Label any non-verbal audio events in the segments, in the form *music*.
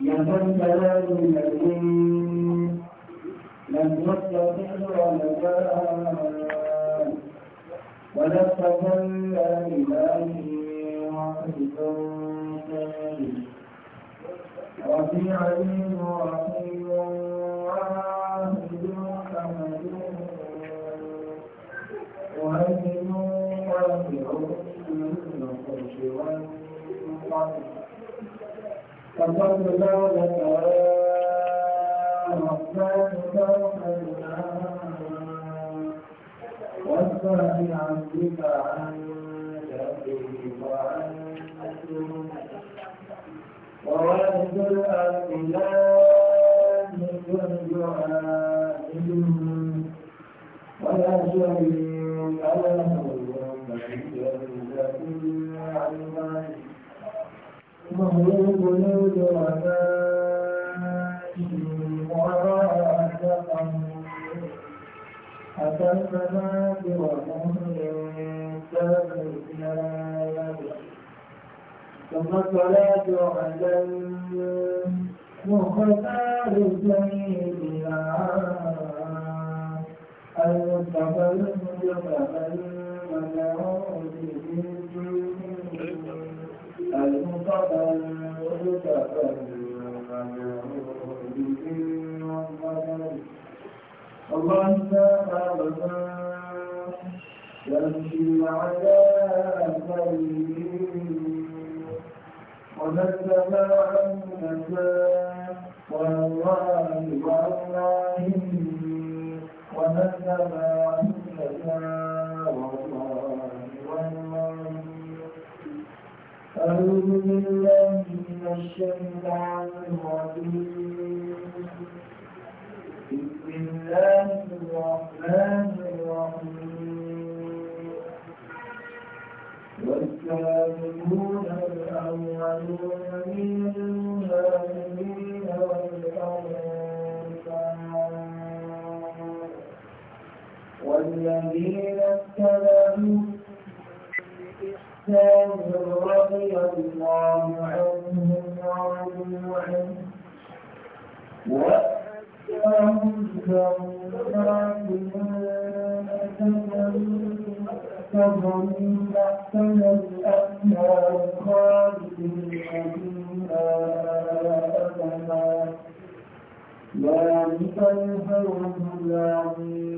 يا ذا الجلال والإكرام لم يستطع ولداء ولا تولى إليه وحده رفيع رحيم واحد حمد مهيمن واسع ذو العرش والقدر فقد ذلك الرحمن فوق واصفى بعبدك عن شره وعن أسره وولد الأرض لا يكن دعائهم ولا شريك جنود عدائهم وراء أتى السماء وهم من ثم الصلاة على مختار سيدنا المصطفى المجتبى المنعوت بالجنود اللهم ربنا يمشي على ونزل عن نزاع والله والله ونزل عن نزاع أعوذ بالله من الشيطان الرجيم بسم الله الرحمن الرحيم والسابقون الأولون من المهاجرين والأنصار والذين اتبعوا بإحسان رضي الله عنهم ورضوا عنه وأتاهم جنات تجري تحتها الأنهار خالدين فيها أبدا ذلك الفوز العظيم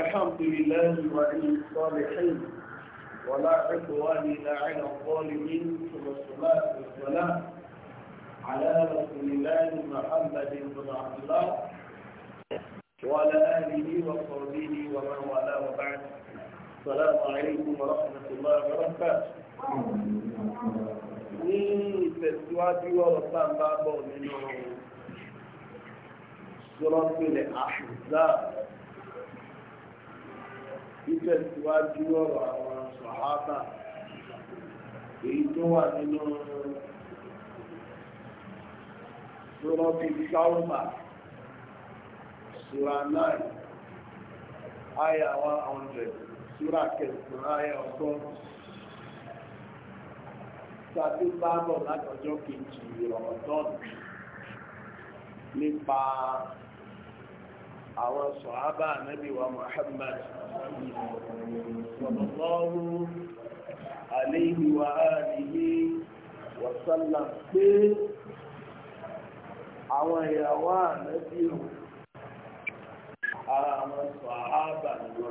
الحمد لله وعلى الصالحين ولا عدوان الا على الظالمين ثم الصلاه والسلام على رسول الله محمد بن عبد الله وعلى اله وصحبه ومن والاه وبعد السلام عليكم ورحمه الله وبركاته ní ọ̀rọ̀ tá a bá bọ̀ nínú àṣùzá títẹ̀síwájú ọ̀rọ̀ àwọn sọ̀hábà èyí tó wà nínú sọ́rọ́bì sáwùmà sura 9 aya 100 sura kẹsàn-án aya ọ̀tọ́ sàbí bábọ̀ látọjọ́ kejì ọ̀tọ́ nípa àwọn sọ̀hábà ànábì wa Muhammad sallallahu alayhi wa alihi wa sallam pé àwọn ìyàwó ànábì ò ara àwọn sọ̀hábà lọ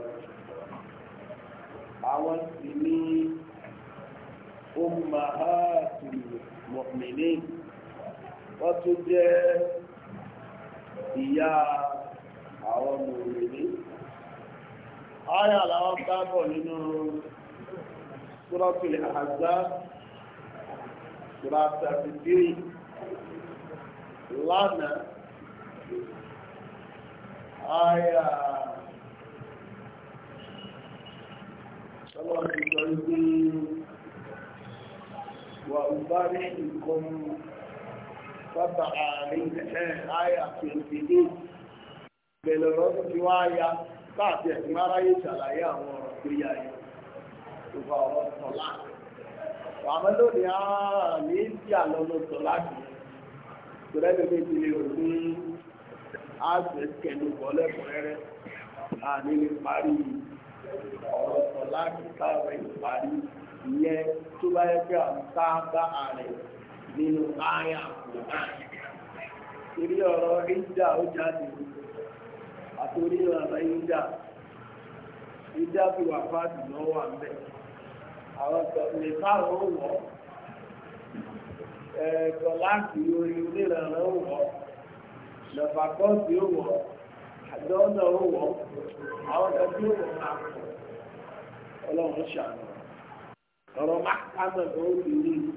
àwọn sì ní ummahatul mu'minin wọ́n tún jẹ́ ìyá àwọn mòrèlé ayà làwọn bábọ̀ nínú suratul Ahzab sọ́rọ̀tì àtìkiri lánàá ayà sọ́rọ̀tì sọ ibi wà ń bá rí nǹkan ẹ̀ ayà 28 bẹ̀rẹ̀ ọ̀rọ̀ tó ti wá ya káàtì ẹ̀sìn aráyé ṣàlàyé àwọn ọ̀rọ̀ tó yá yìí tó fa ọ̀rọ̀ tọ̀lá. àmọ́ lónìí á ní sí àlọ́lọ́ tọ̀lá kì í tọ́lá bèbè ti lè rò ní àṣẹ kẹlu bọ́lẹ̀ fúnrẹ́rẹ́ àní lè parí ọ̀rọ̀ tọ̀lá kì káwé parí ìyẹn tó bá yẹ kí àwọn bá àrẹ nínú ààyè àpò náà. ìrí ọ̀rọ̀ ìjà ó jáde àtòrí ìrànlá ìdá ìdá fi wà fáàdì náà wà ń bẹ̀ àwọn lè fáwọn ó wọ̀ láti orí onírànlá ó wọ̀ lọ́fà ó àwọn ọlọ́run ṣàánú ọ̀rọ̀ máa kámẹ̀ ní ìlú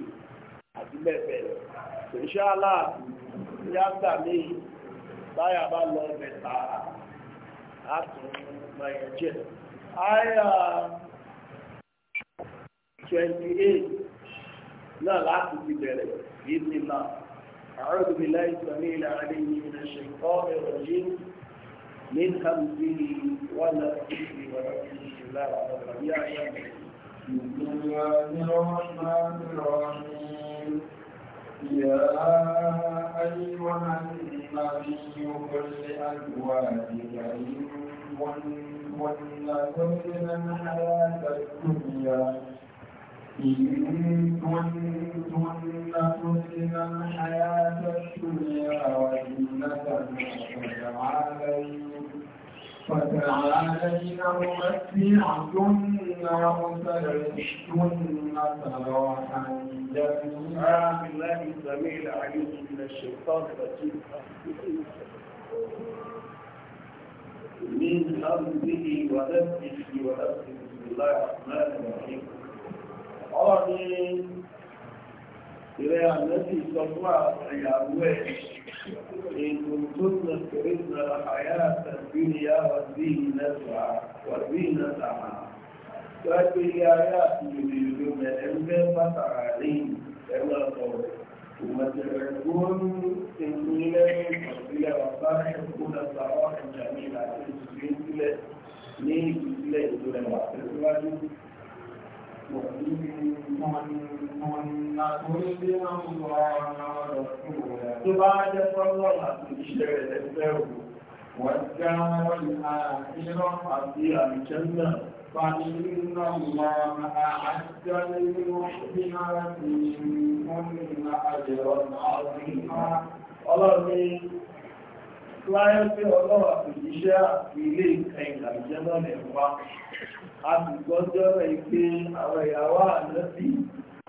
àtúnmọ̀yẹ̀jẹ́ àyà 28 náà láti ti bẹ̀rẹ̀ yìí náà أعوذ بالله السميع العليم من الشيطان الرجيم من همزه ونفسه ونفسه الله الرحمن الرحيم بسم الله الرحمن الرحيم يا أيها النبي قل لأزواجك إن كن تردن الحياة الدنيا إن كنتن تردن الحياة الدنيا وزينتها فجعلن فتعالينا أمتعكن وسرحكن صلاحا جميعا بالله السميع العليم من الشيطان الرجيم من أرضه ونفسه ونفسه بسم الله الرحمن الرحيم أعلم ìrẹ́ àmẹ́sì sọ fún àyàwó ẹ̀ ètò tó nà kéré nà àyà àtàgbìnìyà wàbí ìnàtà Gbágbé ilé ayé àti ìrìnlò mẹ́rin fẹ́ pàtàkì àárín ẹ̀rọ ọ̀pọ̀. وتدعون إليه وإلى وصالح كل صلاح جميلة في Tó bá jẹ́ sọ́lọ́ àti iṣẹ́ rẹ̀ ẹgbẹ́ òun, wọ́n já wọ́n ní àìrọ́ àti àìjẹ́ náà, فإن الله أعد للمحسنات منهن أجرا عظيما. Ọlọ́run láyé pé ọlọ́wà kò jíṣẹ́ àti ilé ìkẹ́ ìgbàjẹ́ náà lè wá a sì gbọ́jọ́ rẹ̀ pé àwọn ìyàwó àlẹ́bí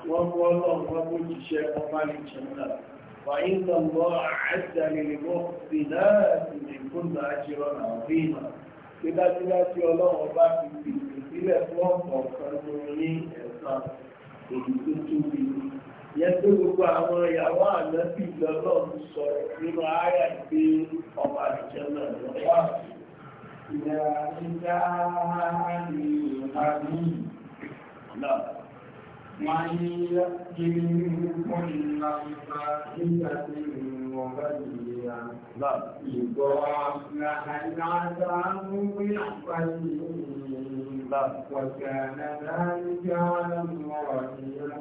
wọ́n mú ọlọ́run wọ́n mú jíṣẹ́ wọn bá lè jẹun náà wàyí ń lọ mọ́ àẹ́sẹ̀lẹ̀ lè mọ́ sí náà sì lè fún náà jẹun àwọn ìmọ̀ pé dájúdájú ọlọ́run bá ti pèsè sílẹ̀ fún ọ̀pọ̀ kan lórí ẹ̀sán èyí tó tóbi yẹn tó gbogbo àwọn ìyàwó ànábì lọ́lọ́ ń sọ nínú ara ìgbé ọmọ àjọ náà lọ́wọ́. Ìyá ìjà ni ìpàdé. Náà. Wọ́n yí kí ní kúrò náà nípa nígbà ìlú مغنيا يضاعف العذاب ضعفين وكان ذلك على الله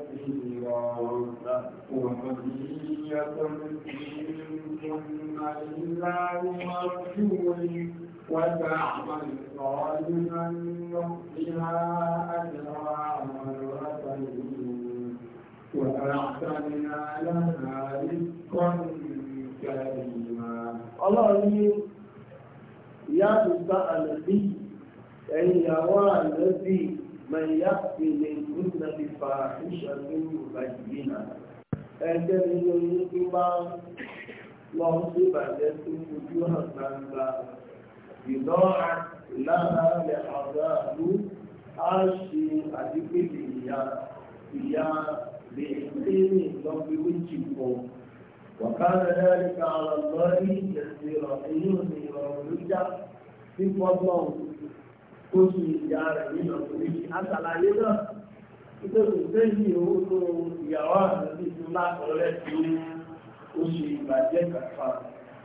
يسيرا ومن يكن منكن إلا برسول وتعمل صالحا نؤتها أجرها مرتين وأعتدنا لها رزقا ọlọ́run ní ìyá àdúgbà àlẹ́bí ẹ̀yìn ìyàwó àlẹ́bí mẹ̀yà ìpele gómìnà ti fa ìṣàkóso ìbàjẹ́ náà ẹgbẹ́ nínú yín tó bá lọ sí ìbàjẹ́ tó fojú ṣe ní ìlọ́gbẹ̀wé jìbọn. وكان ذلك على الله يسيرا يغني ويرجع في فضله oṣù ìyá rẹ̀ nínú oríṣi àtàlàyé náà nítorí sẹ́yìn owó tó ìyàwó àti ìṣúná ọ̀rẹ́ tí oṣù ìbàjẹ́ kàfà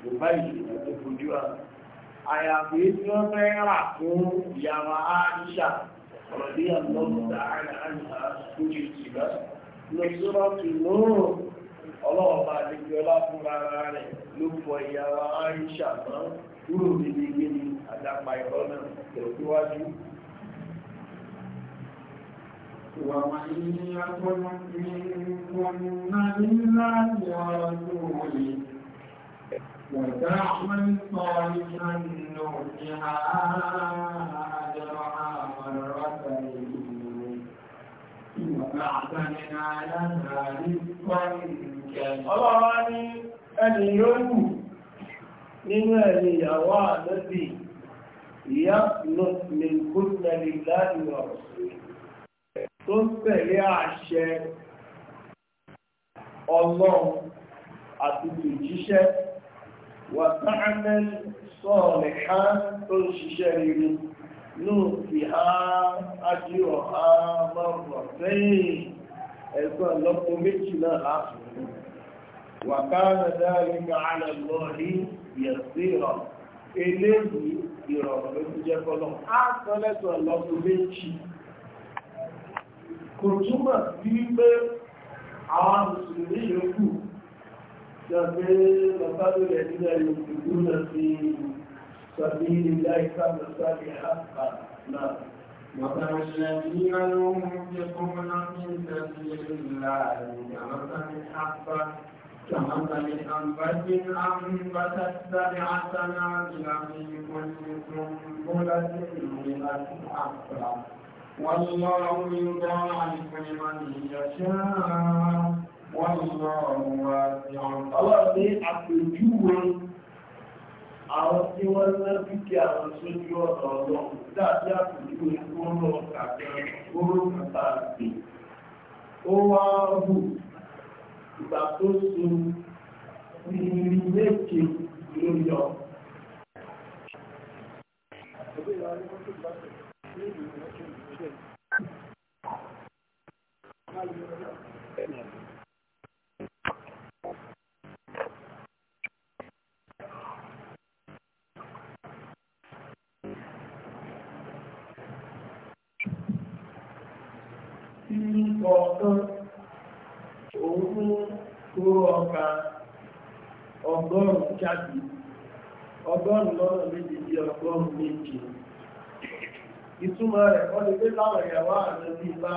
kò bá ìṣúná tó fojú à. àyàfi tí wọ́n fẹ́ rà fún ìyàwó àṣà ọ̀rọ̀ bí àlọ́mùdá àṣà oṣù ìṣúná lọ́sọ́rọ́ tìlóòrùn ọlọ́run bá débi ọlá fúnra rẹ̀ ló fọ ìyàwó Aisha mọ́ kúrò níbi ilé ní àdàpà ìrọ́ náà tẹ̀síwájú. ومن يكن منكن لله ورسوله وتعمل صالحا نؤتها أجرها مرتين وأعتدنا Ọlọ́run á ní ẹni yóò wù nínú ẹni ìyàwó àdọ́bì ìyá lọ́tìlẹ̀kúnnẹ̀lì láàrínwọ̀ tó tẹ̀lé àṣẹ ọlọ́run àti tòjíṣẹ́ wà táàmẹ́l sọ́ọ̀lẹ̀ ha tó ń ṣiṣẹ́ rere náà fi ha ájírọ̀ ha mọ́rọ̀ sẹ́yìn ẹ̀sọ́ ọlọ́pọ̀ méjì náà láàrín وكان ذلك على الله يسيرا إليه يرغب جفلهم أصلة الله بيشي كنتما سيبا عام سوري يكو جميل الذين يمتدون في سبيل الله كما سالي حقا نعم. وكان الذين يمتقون في سبيل الله كما سالي حقا كمثل حبة أنبتت سبع سنابل في كل سنبلة مئة حبة والله يضاعف لمن يشاء والله واسع الله ní àpèjúwe àwọn tí wọ́n ná dúkìá àwọn sójú ọ̀nà ọlọ́run dábí àpèjúwe tó ń lọ kàkẹ́ oró kàtà àgbè ó wá hù ìgbà tó so ló yọ. Ìtumọ̀ rẹ̀ kọ́ ti pé láwọn ìyàwó àrùn bí bá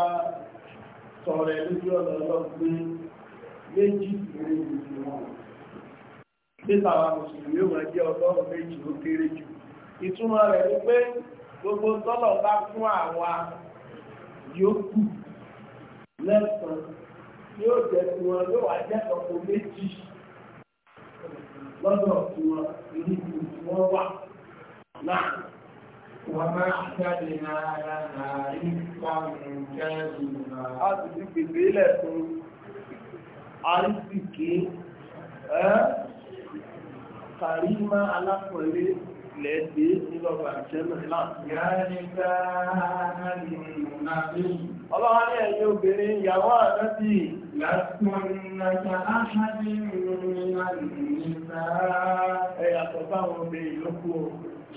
sọ̀rọ̀ lójú ọ̀nà ọlọ́gbé méjì ìrìn ìrìnwọ̀n. Títàwà Mùsùlùmí ó máa jẹ́ ọgọ́rùn méjì ó kéré jù. Ìtumọ̀ rẹ̀ ni pé gbogbo tọ́lọ̀ bá fún àwa lẹ́sàn yóò jẹ́ tí wọn وما اعتدنا لنا رزقا كريما أصدق بلك أرزق كريما على كل lẹ́ẹ̀dẹ́ nílọ́gbà jẹ́mọ̀ láti yáníká nàbí. Ọlọ́wọ́ ní ẹ̀yẹ obìnrin ìyàwó àdábì látúnnàta áhàdì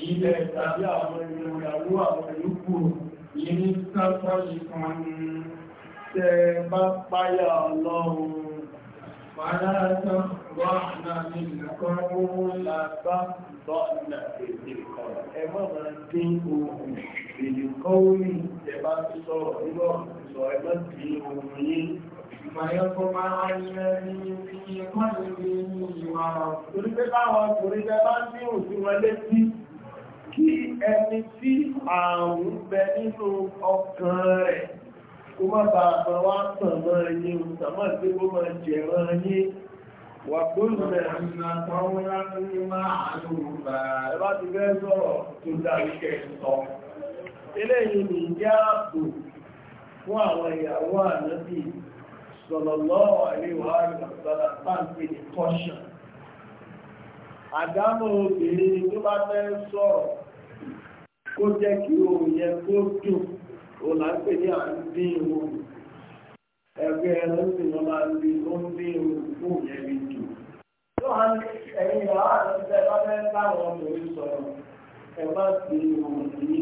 ilẹ̀ tàbí àwọn ìrìnàwó àwọn ìlúkù yìí sápáyì kan tẹ bá páyà ọlọ́run fàájá wà náà ní ìlúkan owó làbá bọ́ọ̀nà èdèkọ̀ ẹgbọ́ máa dín ohun èdèkọ́ orí ìjẹba ti sọ̀rọ̀ nígbọ̀ sọ ẹgbọ́ tí ohun yìí Ìmọ̀yọ́kọ́ máa ń jẹ bá ń dín òsì sí kí ẹni tí àrùn bẹ nínú ọkàn rẹ̀ kó má bàa mọ́ wá tàn mọ́ ẹyẹ òtàmọ́ tí ó mọ́ jẹ̀rọ ẹyẹ wà gbóòlù rẹ̀ ẹ̀bá ti fẹ́ sọ̀rọ̀ tó dárí kẹ́ sọ eléyìí ni ìjẹ́ ààbò fún àwọn ìyàwó ànábì sọ̀lọ̀lọ́wọ̀ àríwá àrùsọ̀lá pàǹpì ní kọ́ṣàn àdámọ̀ obìnrin tó bá fẹ́ sọ̀rọ̀ kó jẹ́ kí ohun yẹn kó dùn ó là ń pè ní à ń ẹgbẹ́ ẹlẹ́sìn ló máa ń di ó ń dín ohun fún yẹn bí dùn. tó à ń ẹ̀yin ìyá wà ní bá fẹ́ láwọn ọmọbìnrin sọ̀rọ̀ ẹ má sí ohun yìí.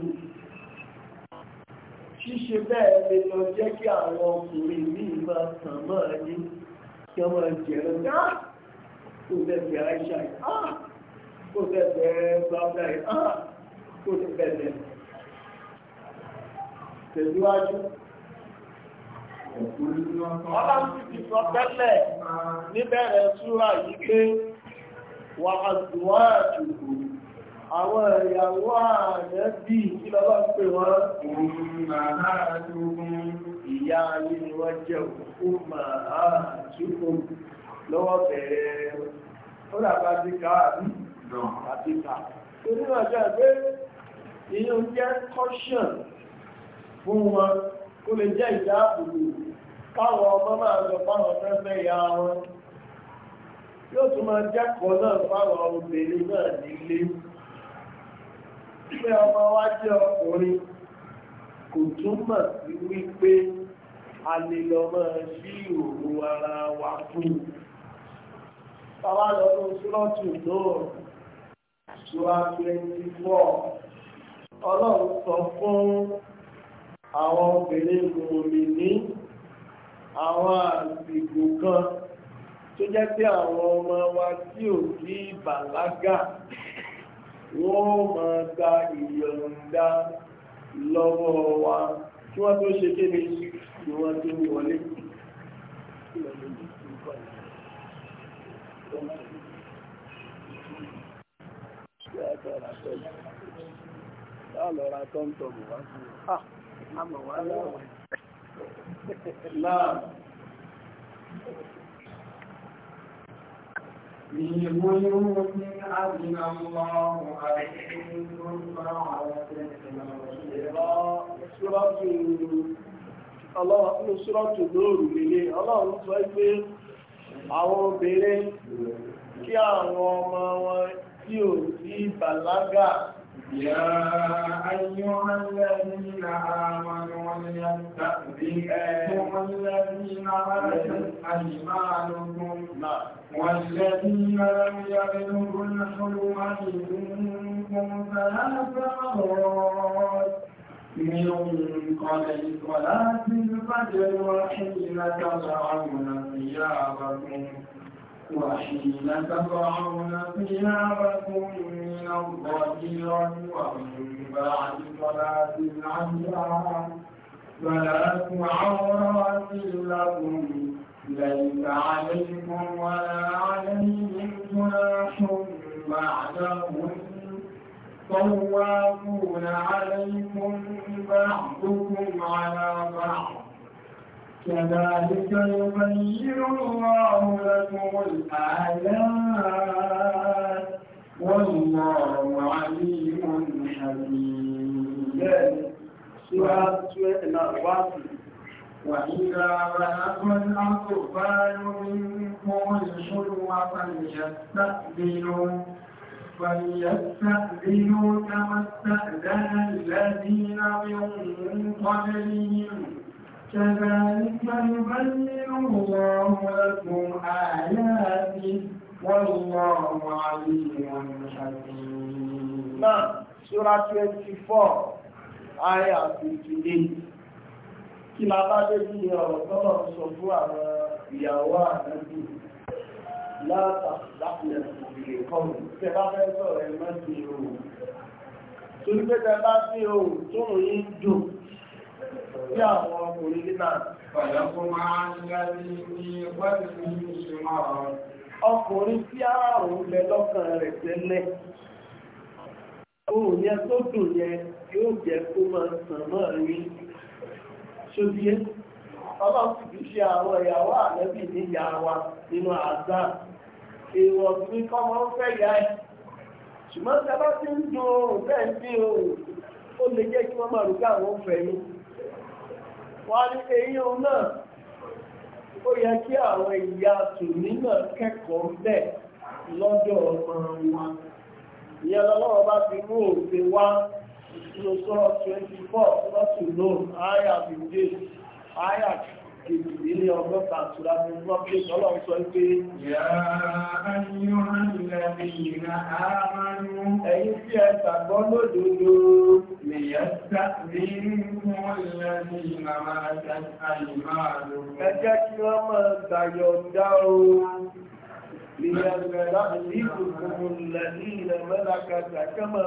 ṣíṣe bẹ́ẹ̀ lè lọ jẹ́ kí àwọn ọkùnrin míì máa tàn mọ́ ẹ kí wọ́n jẹ̀rọ náà kó bẹ́ẹ̀ bẹ́ẹ̀ ṣáì kó bẹ́ẹ̀ bẹ́ẹ̀ bá bẹ́ẹ̀ tó ti bẹ̀rẹ̀ tẹ̀síwájú. Ọlọ́run ti ti sọ tẹ́lẹ̀ níbẹ̀rẹ̀ súra yìí pé wà á dùwà àjùkù àwọn ìyàwó ààrẹ bí kí lọ́lọ́ pé wọ́n òun àádọ́gbọ́n ìyá ayé ni wọ́n jẹ́ òkú máa àjùkù lọ́wọ́ bẹ̀rẹ̀ ó dàbá ti ká àbí àti ká. Torí náà jẹ́ pé èyàn jẹ́ caution fún wọn kó lè jẹ́ ìdáàbòbò káwọn ọmọ máa lọ fáwọn fẹ́fẹ́ ya wọn yóò tún máa jẹ́kọ̀ọ́ náà fáwọn obìnrin náà nílé pé ọmọ wa jẹ́ ọkùnrin kò túmọ̀ sí wípé a lè lọ máa sí òru ara wa fún un. Bàbá lọ lọ sọ́ọ̀tù náà, Sura twenty ọlọ́run sọ fún àwọn obìnrin mòmí ní àwọn àsìkò kan tó jẹ́ pé àwọn ọmọ wa tí ò sí bàlágà wọ́n máa gba ìyọ̀ǹda lọ́wọ́ wa kí wọ́n tó ṣe kéde kí wọ́n tó wọlé. Thank you. lọ́lọ́ ra tọ́mtọ́mù wá sí ah, ọrụ wá lọ́wọ́ ọrụ بيوت أذن الله ọrụ Ọlọ́run ọrụ lóòrù ọrụ ọlọ́run ọrụ pé ọrụ obìnrin ọrụ àwọn ọrụ wọn ọrụ ò ọrụ يا أيها الذين آمنوا ليستأذنكم الذين ملكت أيمانكم والذين لم يبلغوا الحلم منكم ثلاث مرات من قبل صلاة الفجر وحين تضعون ثيابكم وحين تضعون ثيابكم من الظهيرة ومن بعد صلاة العشاء فلا عورات لكم ليس عليكم ولا عليهم جناح بعدهم طوافون عليكم بعضكم على بعض كذلك يبين الله لكم الآيات والله عليم حكيم وإذا بلغ الأطفال منكم الحلم فليستأذنوا فليستأذنوا كما استأذن الذين من قبلهم كذلك يبين الله لكم آياته والله عليم حكيم سورة 24 آية 58 Kí la bá dé bí ọ̀rọ̀ tọ́lọ̀ sọ fún àwọn ìyàwó àdájú látàlẹ̀ ìrìn kọlù. Tẹ bá fẹ́ ohun. Torí pé tẹ bá ohun tó ń yí dùn sí àwọn ọkùnrin náà. Ọ̀yọ́kùn máa ń lábí ní wọ́n ti ní ìṣúná ọ̀rọ̀. Ọkùnrin tí àrùn bẹ lọ́kàn rẹ̀ tẹ́lẹ̀. Oòrùn yẹn tó dùn yẹn yóò jẹ́ kó máa sàn náà rí. Ṣóbíyé, ọlọ́pù ti ṣe àwọn ìyàwó àlẹ́bì níyà wa nínú àzá. Èèwọ̀ tí kọ́mọ ń fẹ́ yá ẹ̀. Ṣùgbọ́n tí a ti ń dun oòrùn bẹ́ẹ̀ sí oòrùn, ó lè jẹ́ kí wọ́n máa rúgbà àwọn fẹ̀yìn wọ́n ní eyín òun náà ó yẹ kí àwọn ìyá tòní náà kẹ́kọ̀ọ́ bẹ́ẹ̀ lọ́dọ̀ ọmọ wọn ìyẹn lọ́wọ́ bá ti mú òfin wá lóṣọ́ 24 lọ́sùn lóòrùn àyà Ìdílé ọgọ́ta àtúrà ní Mọ́pé Ọlọ́run sọ pé, Ẹ̀yin tí ẹ gbàgbọ́ lódodo, lè yẹ sá ní mú ìrẹ́ni ìlànà àìmáà lò. Ẹ jẹ́ kí wọ́n máa gbàyọ̀ dá o. Ìyẹ̀rẹ̀ láti ìkùnkùn lẹ́ni ìrẹ̀mẹ́lá kàtà kẹ́mọ̀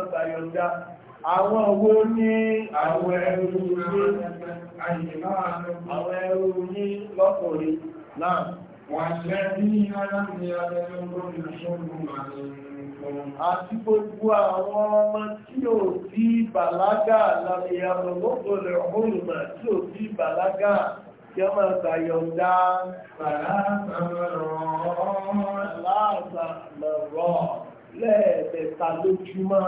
àwọn owó ní àwọn ẹrù ní àyèmá àwọn ẹrù ní lọ́kùnrin náà wọ́n ṣẹ́ ní aláàrin àti gbogbo àwọn ọmọ tí ò bí bàlágà lábẹ́ àwọn olóògbòrò ọmọ tí ò bí bàlágà tí ọmọ ìgbàyọ̀dá láàbàmọ̀rọ̀ lẹ́ẹ̀ẹ̀ta lójúmọ́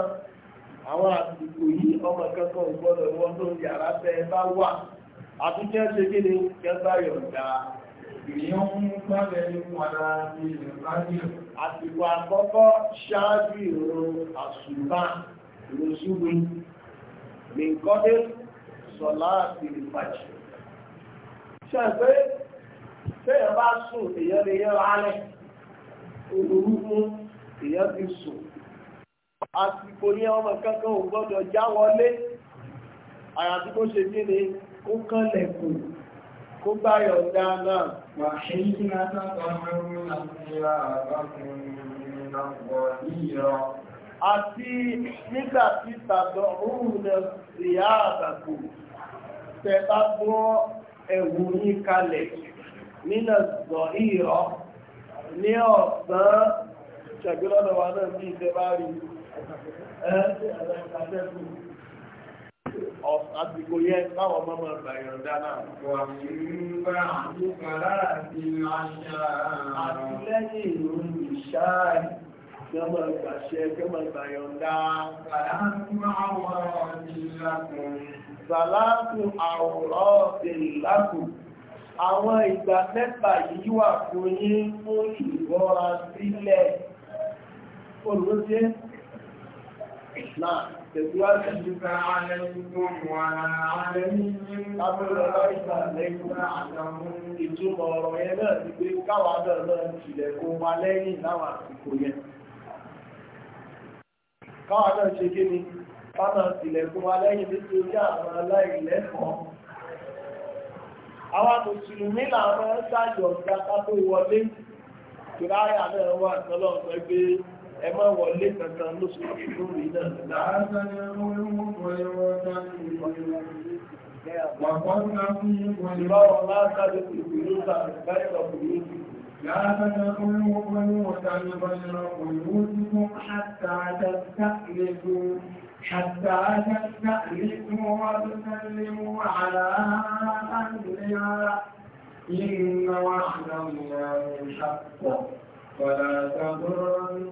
àwọn àsìkò yìí ọmọ kankan ò gbọ́dọ̀ wọ́n tó yàrá tẹ́ ẹ bá wà àtúnkẹ́ ṣe kéde kẹta yọ̀ǹda àsìkò àkọ́kọ́ ṣáájú ìrun àṣùbá lóṣùwé nìkọ́dé sọ̀lá àti ìfàjì ṣẹ́gbẹ́ tẹ́yẹ̀ bá sùn èyàn lè yẹ́ rálẹ̀ olórúkún èyàn ti sùn àsìkò yẹn ọmọ kankan ò gbọ́dọ̀ já wọlé àyàtí kó ṣe kí ni kó kànlẹ̀kùn kó gbáyọ̀ dáadáa wà ṣe kí ní àti nígbà tí tàbí òun ìyá àbàkù tẹ́bá gbọ́ ẹ̀wù yí kalẹ̀ nínú zọ̀ ìrọ̀ ní ọ̀sán ṣàgbélọ́dọ̀ náà bí ìtẹ́bá rí Àsìkò yẹn báwọn ọmọ máa gbà yọ̀ǹda náà. Wà ní bá àdúgbà láti àṣà àtìlẹ́yìn ìròyìn ìṣáàì kí wọ́n máa gbàṣẹ kí wọ́n máa gbà yọ̀ǹda. Sàlátù àwòrán ti lákùn. Àwọn ìgbà mẹ́ta yìí wà fún yín fún ìwọ́ra sílẹ̀. Olùwọ́sí náà ahịa Ìgbà ọrụ ọrụ ọrụ ìtumọ̀ ọ̀rọ̀ yẹn náà ti pé káwà náà náà tilẹ̀ kó wa lẹ́yìn láwọn àsìkò yẹn. Káwà náà ṣe kí ni káwà ọrụ kó wa lẹ́yìn nítorí àwọn aláìlẹ́kọ̀ọ́. Àwọn mùsùlùmí làwọn wọlé. náà wà ẹ má wọlé kankan lóṣù lórí náà. láàárọ̀ ni wọ́n mú wọlé wọn dání ìwọ̀n وقد نقول والبر غير بيوتكم لا تدخلوا بيوتا غير بيوتكم حتى تستأنسوا حتى تستأنسوا وتسلموا على أهلها إن وعد الله حق فلا تغرن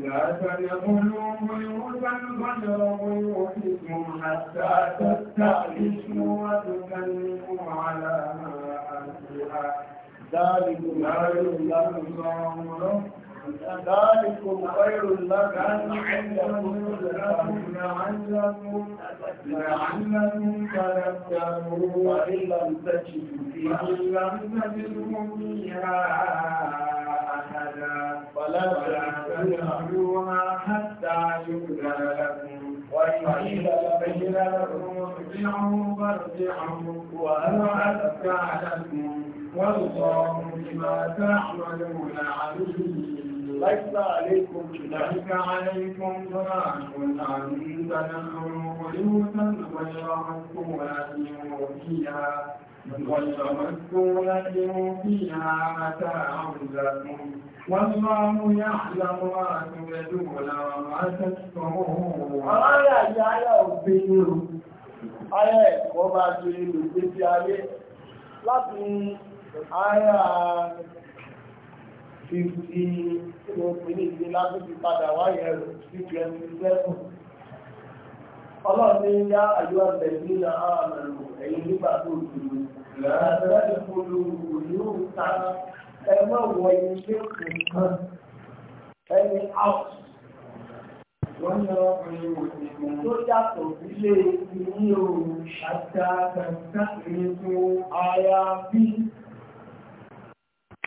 لا تدخلوا بيوتا غير بيوتكم حتى تستأنسوا وتكلموا على ما أهلها ذلك لا يظلم الله ذلكم خير لكم عندكم لعلكم لعلكم تذكرون وإن لم تجدوا فيها لم تجدوا فيها أحدا فلا تدخلوها حتى يبدا لكم وإن قيل لكم ارجعوا فارجعوا وأنا أتبع لكم والله بما تعملون عليم ليس عليكم جناح ليس عليكم جناح أن تنهروا بيوتا غير مكتولة فيها غير مكتولة فيها متاع لكم والله يعلم ما تبدون وما تكتمون. آية آية أبينو آية وما تريد في آية لكن آية fifty mo pè ní ìdílé láti padà wáyé ẹ̀rọ sí twenty seven ọlọ́run ní yá àyọ́ àtẹ̀lé ní àmàlù ẹ̀yìn nígbà tó dùn láàrín ìpolú ìlú ta ẹgbẹ́ wọ ilé kọ̀ọ̀kan ẹni out wọ́n ní ọkùnrin òṣèlú tó yàtọ̀ sílé ní òòrùn àti àgbàǹkà ìrìnkú ara bíi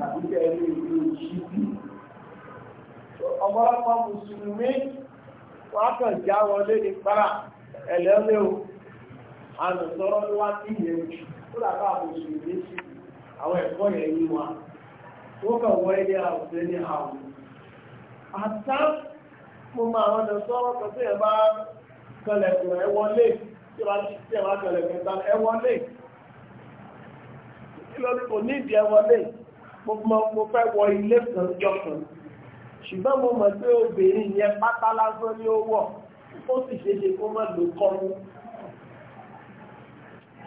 tàbí kẹrin ìlú òṣìṣì ọmọlọpọ mùsùlùmí wọ́n kàn já wọlé ní para ẹlẹ́lẹ́ o àlùsọ́rọ́ ní wá sí ìyẹn jù ó làbá mùsùlùmí sí àwọn ẹ̀kọ́ yẹn yí wa wọ́n kàn wọ ilé àwùjọ ní àwọn àtà mo máa wọn lọ sọ́rọ́ kan tí ẹ bá kọlẹ̀kùn ẹ wọlé tí ẹ bá kọlẹ̀kùn ẹ wọlé kí ló ní kò ní ìdí ẹ wọlé mo mọ̀ mo fẹ́ wọ ilé kan jọ kan ṣùgbọ́n mo mọ̀ pé obìnrin yẹn pátá lásán ni ó wọ̀ ó sì ṣe ṣe kó mọ̀ ló kọ́ mú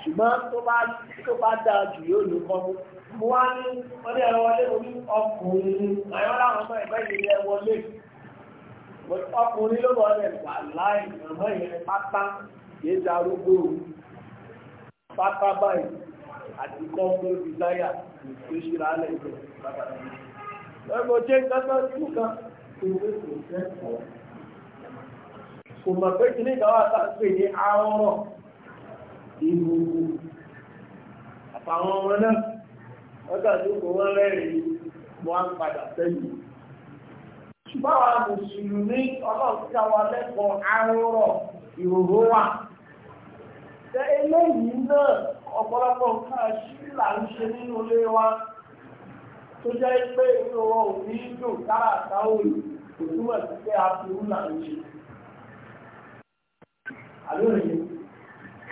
ṣùgbọ́n tó bá dáa jù yóò ló kọ́ mú mo wá ní wọ́n ní ẹ̀rọ wọlé orí ọkùnrin àyọ́ láwọn ọmọ ẹ̀gbẹ́ yìí ẹ wọlé ọkùnrin ló wọ ẹ̀ wà láì ọmọ yẹn pátá yéé darúgbó pátá báyìí àti kọ́ńtò desire tó ṣe lálẹ́ ìlú ẹgbẹ́ jẹ́ gbẹ́gbẹ́ tún kan tó wé kò sẹ́kọ̀ọ́ kò mọ̀ pé kí ní ìdáwà tá a pè ní àárọ̀ ìhòòhò àtàwọn ọmọ náà ọjà tó padà sẹ́yìn ṣùgbọ́n àwọn mùsùlùmí ọlọ́run a wà lẹ́kọ̀ọ́ ìhòòhò wà. ọ̀pọ̀lọpọ̀ nǹkan àṣírí là ń ṣe nínú ilé wa tó jẹ́ pé inú wọn ò ní dùn káràkà òòlù kò túmọ̀ sí pé aburú là ń ṣe. àlóòyè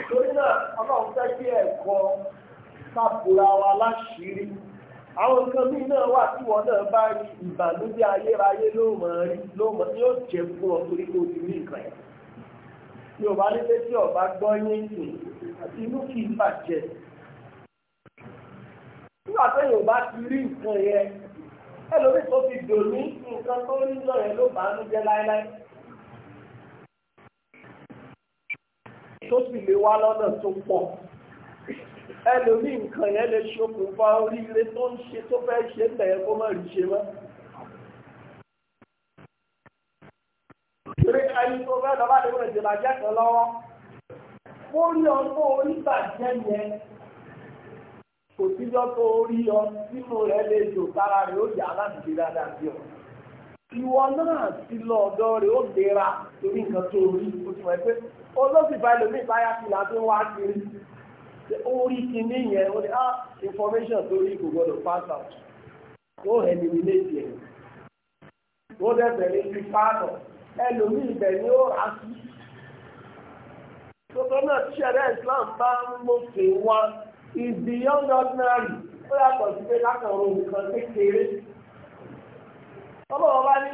torí náà ọlọ́run fẹ́ kí ẹ̀kọ́ sábúra wa láṣìírí àwọn nǹkan míì náà wà tí wọn náà bá rí ìbànújẹ́ ayérayé ló mọ̀ rí ló mọ̀ fún ọ torí kó o nǹkan yẹn tí ọba nílé tí ọba gbọ́ yín nì àti inú kì í bàjẹ́. nígbà tó yóò bá ti rí nǹkan yẹn ẹlòmíì tó fi dò ní nǹkan tó rí náà yẹn ló bá ń jẹ láéláé. tó sì lè wá lọ́nà tó pọ̀ ẹlòmíì nǹkan yẹn lè ṣokùnfà oríire tó ń ṣe tó fẹ́ ṣe ń kó má rí ṣe mọ́. Torí ayé tó fẹ́ lọ bá dé wọ́n ìjọba jẹ́ kan lọ́wọ́. Mo rí ọ tó oníbàjẹ́ yẹn. Kò síjọ́ tó rí ọ sínú rẹ̀ lè jò tára rẹ̀ ó yà láti ṣe dáadáa sí ọ. Ìwọ náà ti lọ ọ̀dọ́ rẹ̀ ó dera torí nǹkan tó rí o ti mọ̀ pé olóṣìbá ẹlòmíì báyà ti là tó wá kiri. Orí kinní yẹn ó ní ah information tó rí kò gbọdọ̀ pass out. Ó hẹ̀ ní ilé ìjẹun. Ó dẹ̀ bẹ̀rẹ̀ ní fáànù ẹlòmíì ibẹ̀ ni ó rà sí. Gbogbo náà tí ṣẹ̀rẹ́ Islam bá ń mọ̀fẹ́ wá is beyond ordinary ó yàtọ̀ sí pé lákàrọ̀ nǹkan kékeré. Ọlọ́run bá ní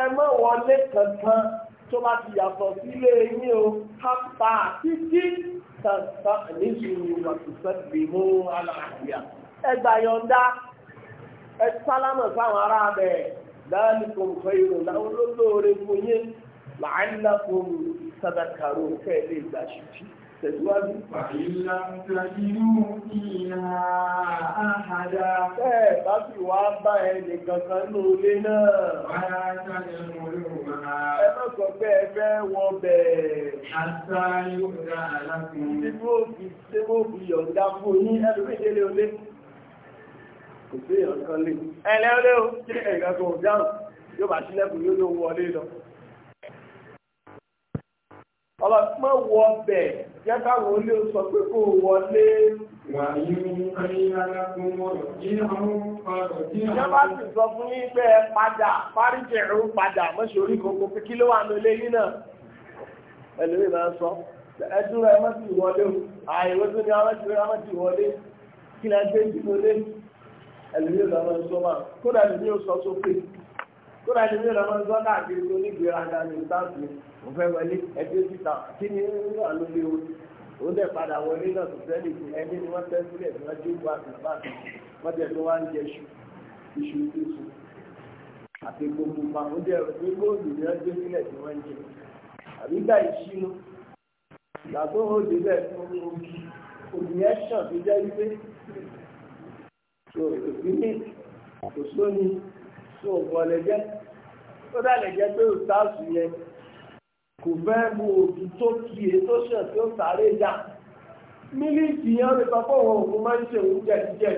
ẹ mọ̀ wọlé kankan tó bá ti yàtọ̀ sílé yín o kápá títí tàǹtà nísìnyí wàtúnṣe gbèmó aláàbíà. Ẹ gbà yọ̀ǹda ẹ sálámọ̀ sáwọn ará bẹ̀ẹ́ dáàlìkùn fẹ́rù láwọn olóore fún yín làálàkùn sàdàkàrò kẹ́lẹ́ ìgbà ṣùtì tẹ̀síwájú. Fàílà ń tàbí mú ìhà àhàdá. Bẹ́ẹ̀ bá sì wá bá ẹni kankan ní olé náà. Wáyá sáré mú olóòwò máa. Ẹ má sọ pé ẹ fẹ́ wọ bẹ̀ẹ̀. Àṣà yóò dá alákùnrin. Tí mo fi yọ̀ǹda fún yín ẹlòmídélé olé kò sí èèyàn kan lè ẹ̀lẹ́ olé o kí ni ẹ̀yìn kankan ò dáhùn yóò bá sílẹ̀kùn yóò yóò wọlé lọ. ọ̀rọ̀ pé wọ bẹ̀ jẹ́ káwọn olé o sọ pé kó wọlé. wà á yí mú ayé alákùn mọ́rọ̀ kí àwọn ọ̀rọ̀ kí àwọn. ìjọba sì sọ fún yín pé ẹ padà fáríjì ń padà mọ́ṣorí kòkó pé kí ló wà ní ilé yín náà ẹlòmíì ẹlòmíì lọ máa ń sọ máa kódà ẹlòmíì sọ sókè kódà ẹlòmíì lọ máa ń sọ káàkiri tó nígbèéraga ní ìtàkùn mo fẹ́ wọlé ẹgbẹ́ síta kí ni wà lórí o ó dẹ̀ padà wọlé náà tó sẹ́lẹ̀ sí ẹni ni wọ́n tẹ́ sílẹ̀ tí wọ́n jókòó àti bàbá àti wọ́n tẹ̀ tó wá ń jẹ iṣu iṣu iṣu àti gbogbo pa ó dẹ̀ rẹ̀ pé góòlù ni wọ́n gbé sílẹ̀ tí wọ́n ń jẹ àbí gbà ìṣínú ìgbà tó ń tó ìpínlẹ̀ kò sóni tó ọ̀gbọ́n lẹ́jẹ́ tó dá lẹ́jẹ́ pé òtáàsù yẹn kò fẹ́ mu òbí tó kì í tó ṣàn tó sáré dà mílíìkì yẹn lè sọ pé òun òun máa ń ṣe òun jẹ̀díjẹ̀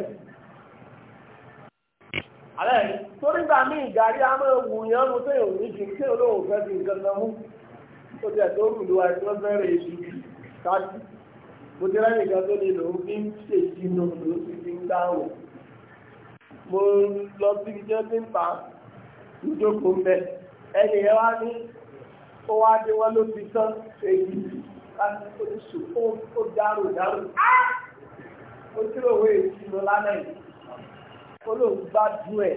àlẹ́ torígbà míì gàrí a máa wù yẹn mu tó yòó ní ju kí olóhùn fẹ́ fi nǹkan kan mú ó ti ẹ̀tọ́ òkùnlù wa ẹ̀tọ́ fẹ́rẹ̀ èṣù káàkiri mo ti ráyè kan tó lè lòún fi ń ṣèṣinú lòún fi ń dáhùn mo lọ sí iṣẹ́ tí ń ta ìjókòó mbẹ ẹni yẹn wá ní ó wá dé wọn ló ti tán èyí láti oṣù ó dárò dárò ó tí òwe èyí lọ lánàá yìí ó lóun gbájú ẹ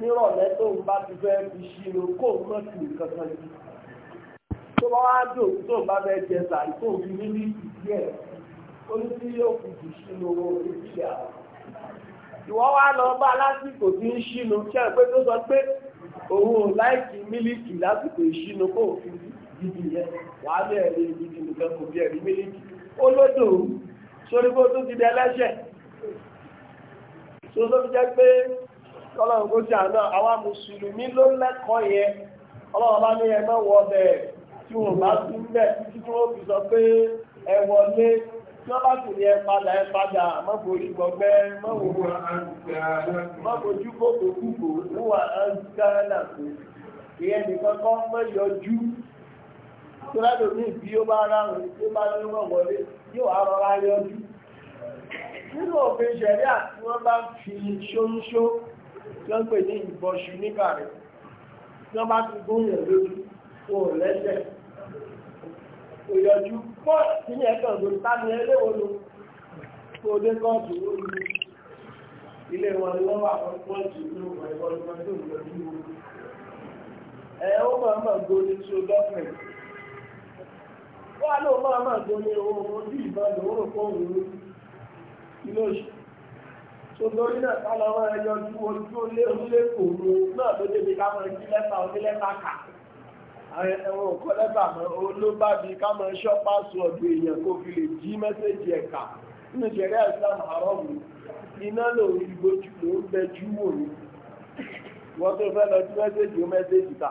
nírọ̀lẹ́ tó ń bá ti fẹ́ fi ṣírò kó ń mọ̀ sí kankan yìí tó bá wá dùn tó bá fẹ́ jẹ sàì tó fi ní ní ìdí ẹ̀ ó ní tí yóò fi jù sínú ìdílé àwọn ìwọ wá lọ bá lásìkò tí ń ṣínú ṣe pé tó sọ pé òun ò láìkí mílíkì lásìkò ìṣínú kó fi gidi yẹ wàá lé ẹ̀rí gidi nìkan kò bí ẹ̀rí mílíkì ó lódò sórí bó tó ti di ẹlẹ́ṣẹ̀ tó tó fi jẹ́ pé ọlọ́run kó ti àná àwa mùsùlùmí ló lẹ́kọ̀ọ́ yẹn ọlọ́run bá ní ẹ mọ́ wọ bẹ́ẹ̀ tí wọ́n bá tún bẹ́ẹ̀ títí wọ́n fi sọ pé ẹ wọlé tí wọ́n bá sì ní ẹ padà ẹ padà má borí gbọgbẹ́ má wò wò má bojú kókò kúkò níwà áńkálà kò ìyẹn nìkan kọ́ mẹ́yọjú tó ládùn ní ìbí ó bá ráhùn tó bá ní wọ́n wọlé yóò á rọra yọjú nínú òfin ìṣẹ̀lẹ̀ àti wọ́n bá fi ṣóńṣó tí wọ́n pè ní ìbọ̀ṣù níbàrẹ̀ tí wọ́n bá ti gún lójú wọn lẹ́sẹ̀ òyànjú pọ̀ sí ẹ̀kọ́ tó tání ẹlẹ́wọ̀n ló kó dé kọ́ọ̀tù ó ilé wọn ni wọ́n wà fún ní ọ̀pọ̀ ìwọ̀n tó ń lọ sí tí wọ́n á ó lé orílẹ̀-èdè náà tó débi ká máa jí lẹ́ta onílẹ́ta kà ẹ̀wọ̀n òkú lẹ́bà mọ́ olóbàbí ká mọ́ ṣọ́ pásíwọ̀dù èèyàn kó fi lè jí mẹ́sẹ̀jì ẹ̀ka nínú ìṣẹ̀rẹ́ islam àrọ́mù iná lòun ìgbójú ló ń bẹ jú wò ní wọ́n tó fẹ́ lọ sí mẹ́sẹ̀jì ó mẹ́sẹ̀jì ta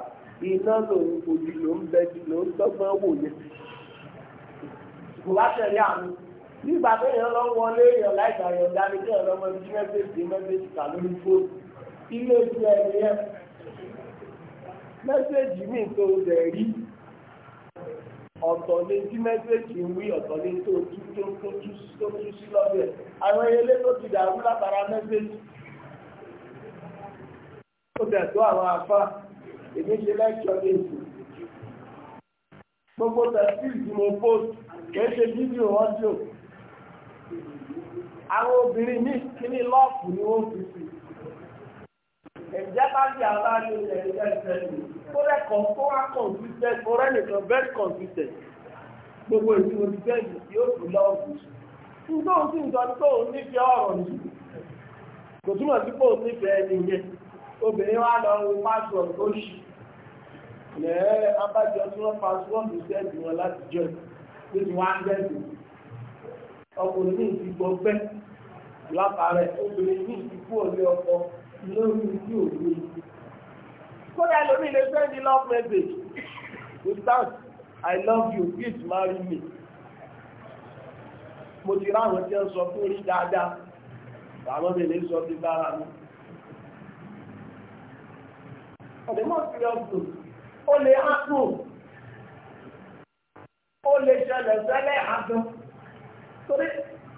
iná lòun òjì ló ń bẹ jú ló ń tọ́gbọ́n wò ní. kò wá tẹ̀lé àmì nígbà tó yẹn lọ wọlé èèyàn láìka yọ̀ǹda ni kí mẹ́sẹ̀jì mi tó rẹ̀ rí ọ̀tọ̀ ni tí mẹ́sẹ̀jì ń wí ọ̀tọ̀ ni tó tú tó tó tú tó tú sí lọ́dẹ̀ àwọn ilé tó ti dàrú látara mẹ́sẹ̀jì ó dẹ̀ tó àwọn afá èmi ṣe lẹ́kṣọ́ ní ìsìn gbogbo tẹ̀sí tí mo post kìí ṣe fídíò ọ́díò àwọn obìnrin ní kíní lọ́ọ̀pù ni wọ́n fi ẹ̀jẹ̀ bá di àbá ní ẹ̀jẹ̀ ìṣẹ̀lẹ̀ tó rẹ̀ kàn tó wá consistent mo very consistent gbogbo èyí mo ti bẹ́ẹ̀ yìí yóò tún lọ́wọ́ kù sí n tó ń sì ń sọ ní tó ń nífẹ̀ẹ́ ọ̀rọ̀ yìí kò túmọ̀ sí pé òun nífẹ̀ẹ́ ẹni yẹn obìnrin wa lọ rí password tó ṣì lẹ́ẹ̀ abájọ tí wọ́n password sẹ́ẹ̀dì wọn láti jọ pé tí wọ́n á bẹ̀rẹ̀ ọkùnrin ní ìdìbò bẹ́ẹ̀ lápá rẹ̀ obìnrin ní ìdìbò ilé ọkọ lórí ojú òwe. Kódà lómi lè send the love message. Ustaz, I love you, please marry me. Mo ti ráwọn tí ń sọ fún orí dáadáa. Àwọn mi lè sọ ti bára mi. Ọ̀dẹ̀ mọ̀ sí ọ̀gbìn. Ó lè hápùn. Ó lè ṣẹlẹ̀ sẹ́lẹ̀ àgbọn. Torí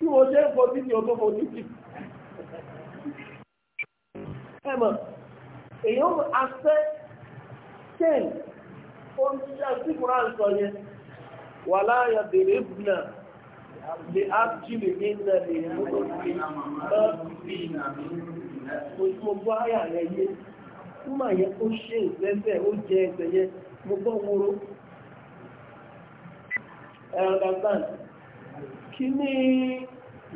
kí wọ́n ṣe ń fọ títì ọ̀tọ́ fọ títì. ẹ mọ̀ èèyàn afẹ́ ten oúnjẹ síkùrà ń sọ yẹn wà láàyè bèrè bùnà lè ájìlè ní ilẹ̀ lè mú òfin bá fi mo gbọ́ àyà rẹ̀ yé túmọ̀ yẹn ó ṣe ìgbẹ́fẹ́ ó jẹ ẹgbẹ́ yẹn mo gbọ́ wóró. Ẹ understand? kí ní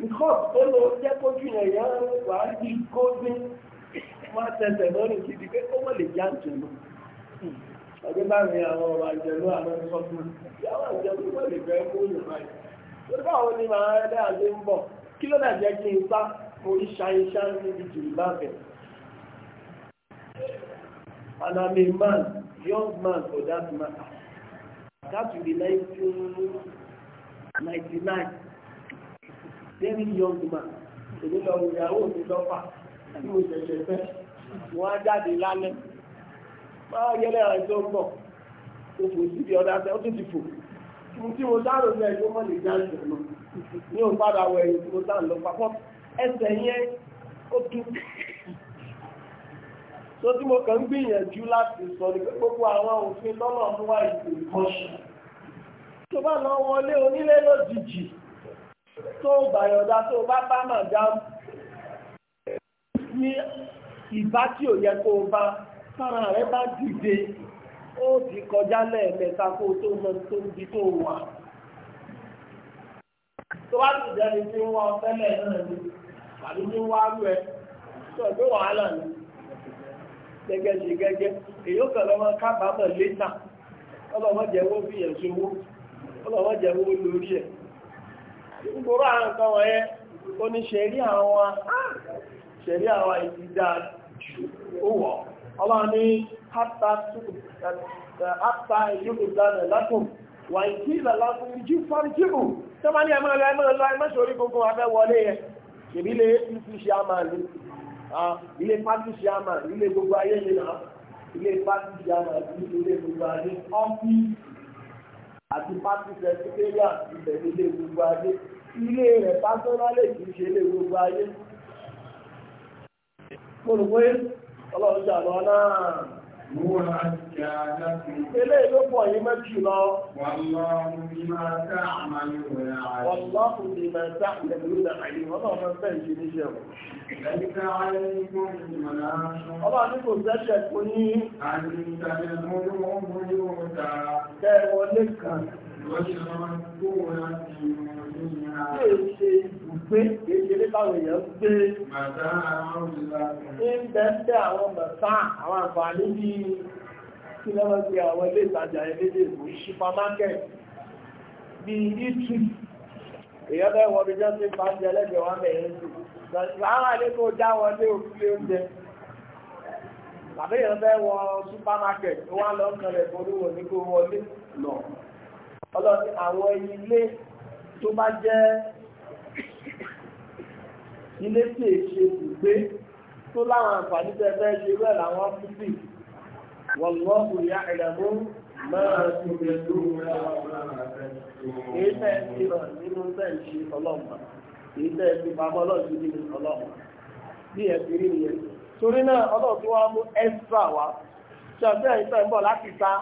nǹkan tó lọ jẹ́ kójú ẹ̀yà wà á di gómí wọ́n tẹ̀sẹ̀ lọ́rùn sí ibi pé ó mọ̀ lè já jẹ̀lú ọjọ́ bá rí àwọn ọmọ àjẹ̀lú àwọn ọmọ àjẹ̀lú lè fẹ́ kó báyìí tó bá wọn rẹ́ man young man for that matter that will be 99 very young man èmi lọ wò ìyàwó mi lọ́fà tí mo ṣẹ̀ṣẹ̀ fẹ́ wọ́n á jáde lálẹ́ máa yẹlẹ̀ rẹ̀ tó ń bọ̀ tó fò síbi ọ̀dà tẹ́ ó tún ti fò mo tí mo dárò ní ẹjọ́ mọ́ lè jáde ọ̀nà ní òun padà wọ ẹ̀yìn tí mo dá lọ papọ̀ ẹsẹ̀ yẹn ó tún tó tí mo kàn ń gbìyànjú láti sọ ní pé gbogbo àwọn òfin lọ́nà ọdún wáyé kò kọ́ṣù tó bá lọ wọlé onílé lójijì tó gbàyọ̀dá tó bá bá màdámù ní ìbá tí ò yẹ kó bá sára rẹ̀ bá dìde ó ti kọjá lẹ́ẹ̀mẹ́ta kó tó mọ tó bí tó wà tó bá ti jẹ́ ni tí wọ́n fẹ́lẹ̀ náà ni tàbí tí wọ́n á rú ẹ tó ẹgbẹ́ wàhálà ni gẹ́gẹ́ ṣe gẹ́gẹ́ èyí ó kàn lọ́mọ kábàámọ̀ létà ọlọ́mọ jẹ́ wọ́n fi ọlọ́wọ́ jẹ́ owó lórí ẹ̀ nítorí àwọn nǹkan wọ̀nyẹn ó ní ṣẹ̀rí àwọn ṣẹ̀rí àwọn ìdídá owó ọlọ́run ní hátà ìjókòtà rẹ̀ látùn wà ìdí ìlàlákùn ìjú fáríjìmù tó máa ní ẹmọ́ ẹlọ ẹmọ́ ẹlọ ẹmọ́ ṣorí gbogbo abẹ́ wọlé ẹ̀ ṣèbí lè fi ṣe àmà ní ilé pátí ṣe àmà ilé gbogbo ayé nìyà ilé pátí ṣe àmà ilé gbogbo ayé ọ́fíìsì àti pátí sẹkítẹ́rìà ibẹ̀ nílé gbogbo ayé ilé rẹ̀ pásọ́nálẹ̀ kìí ṣe ilé gbogbo ayé. mo rò pé ọlọ́run ṣàlọ́ náà. Ilé ìlú pọ̀ yí mẹ́jù lọ. Wàlọ́run ni máa tá àmàlù rẹ̀ àyè. Wàlọ́run ni máa tá àmàlù rẹ̀ àyè. Wọ́n náà fẹ́ fẹ́ ìṣe níṣẹ́ wọn. Ẹ̀ka ayé ní kó ní mọ̀lá. Ọba ní kò sẹ́sẹ̀ kó ní. Àyè ìtàlẹ̀ mọ́lú wọn mú yóò dáa. Kẹ́ wọlé kan. Ṣé ìgbé kékeré báwọn èèyàn gbé ń bẹ́ẹ̀ àwọn mẹ̀ta àwọn àǹfààní bí kí lọ́wọ́ sí àwọn ilé ìtajà elédè ìwò ṣípamákẹ̀ bí ìtù èèyàn bẹ́ẹ̀ wọ́n bí jọ́sí pàṣẹ ẹlẹ́gbẹ̀ẹ́ wọn bẹ̀rẹ̀ ìtù àwọn ilé tó já wọlé òkúlé oúnjẹ tàbí èèyàn bẹ́ẹ̀ wọ ṣípamákẹ̀ tó wá lọ́kànlẹ̀ polówó ní kó wọlé lọ ọlọ́ni àwọn ilé tó bá jẹ́ ilé tí è ṣe gbùgbé tó láwọn àǹfààní tẹ́fẹ́ ṣe rẹ̀ làwọn fúbì wọ̀lọ́ òyà ìrẹ̀mú máa tó lè tó èyí tẹ́ ti rọ̀ nínú tẹ́ ń ṣe ọlọ́mà èyí tẹ́ ti pamọ́ ọlọ́ọ̀dún nínú ọlọ́mà bí ẹ ti rí nìyẹn torí náà ọlọ́ọ̀dún wa mú ẹ́sítà wa ṣàfihàn ìtàn ìbọ̀ láti ta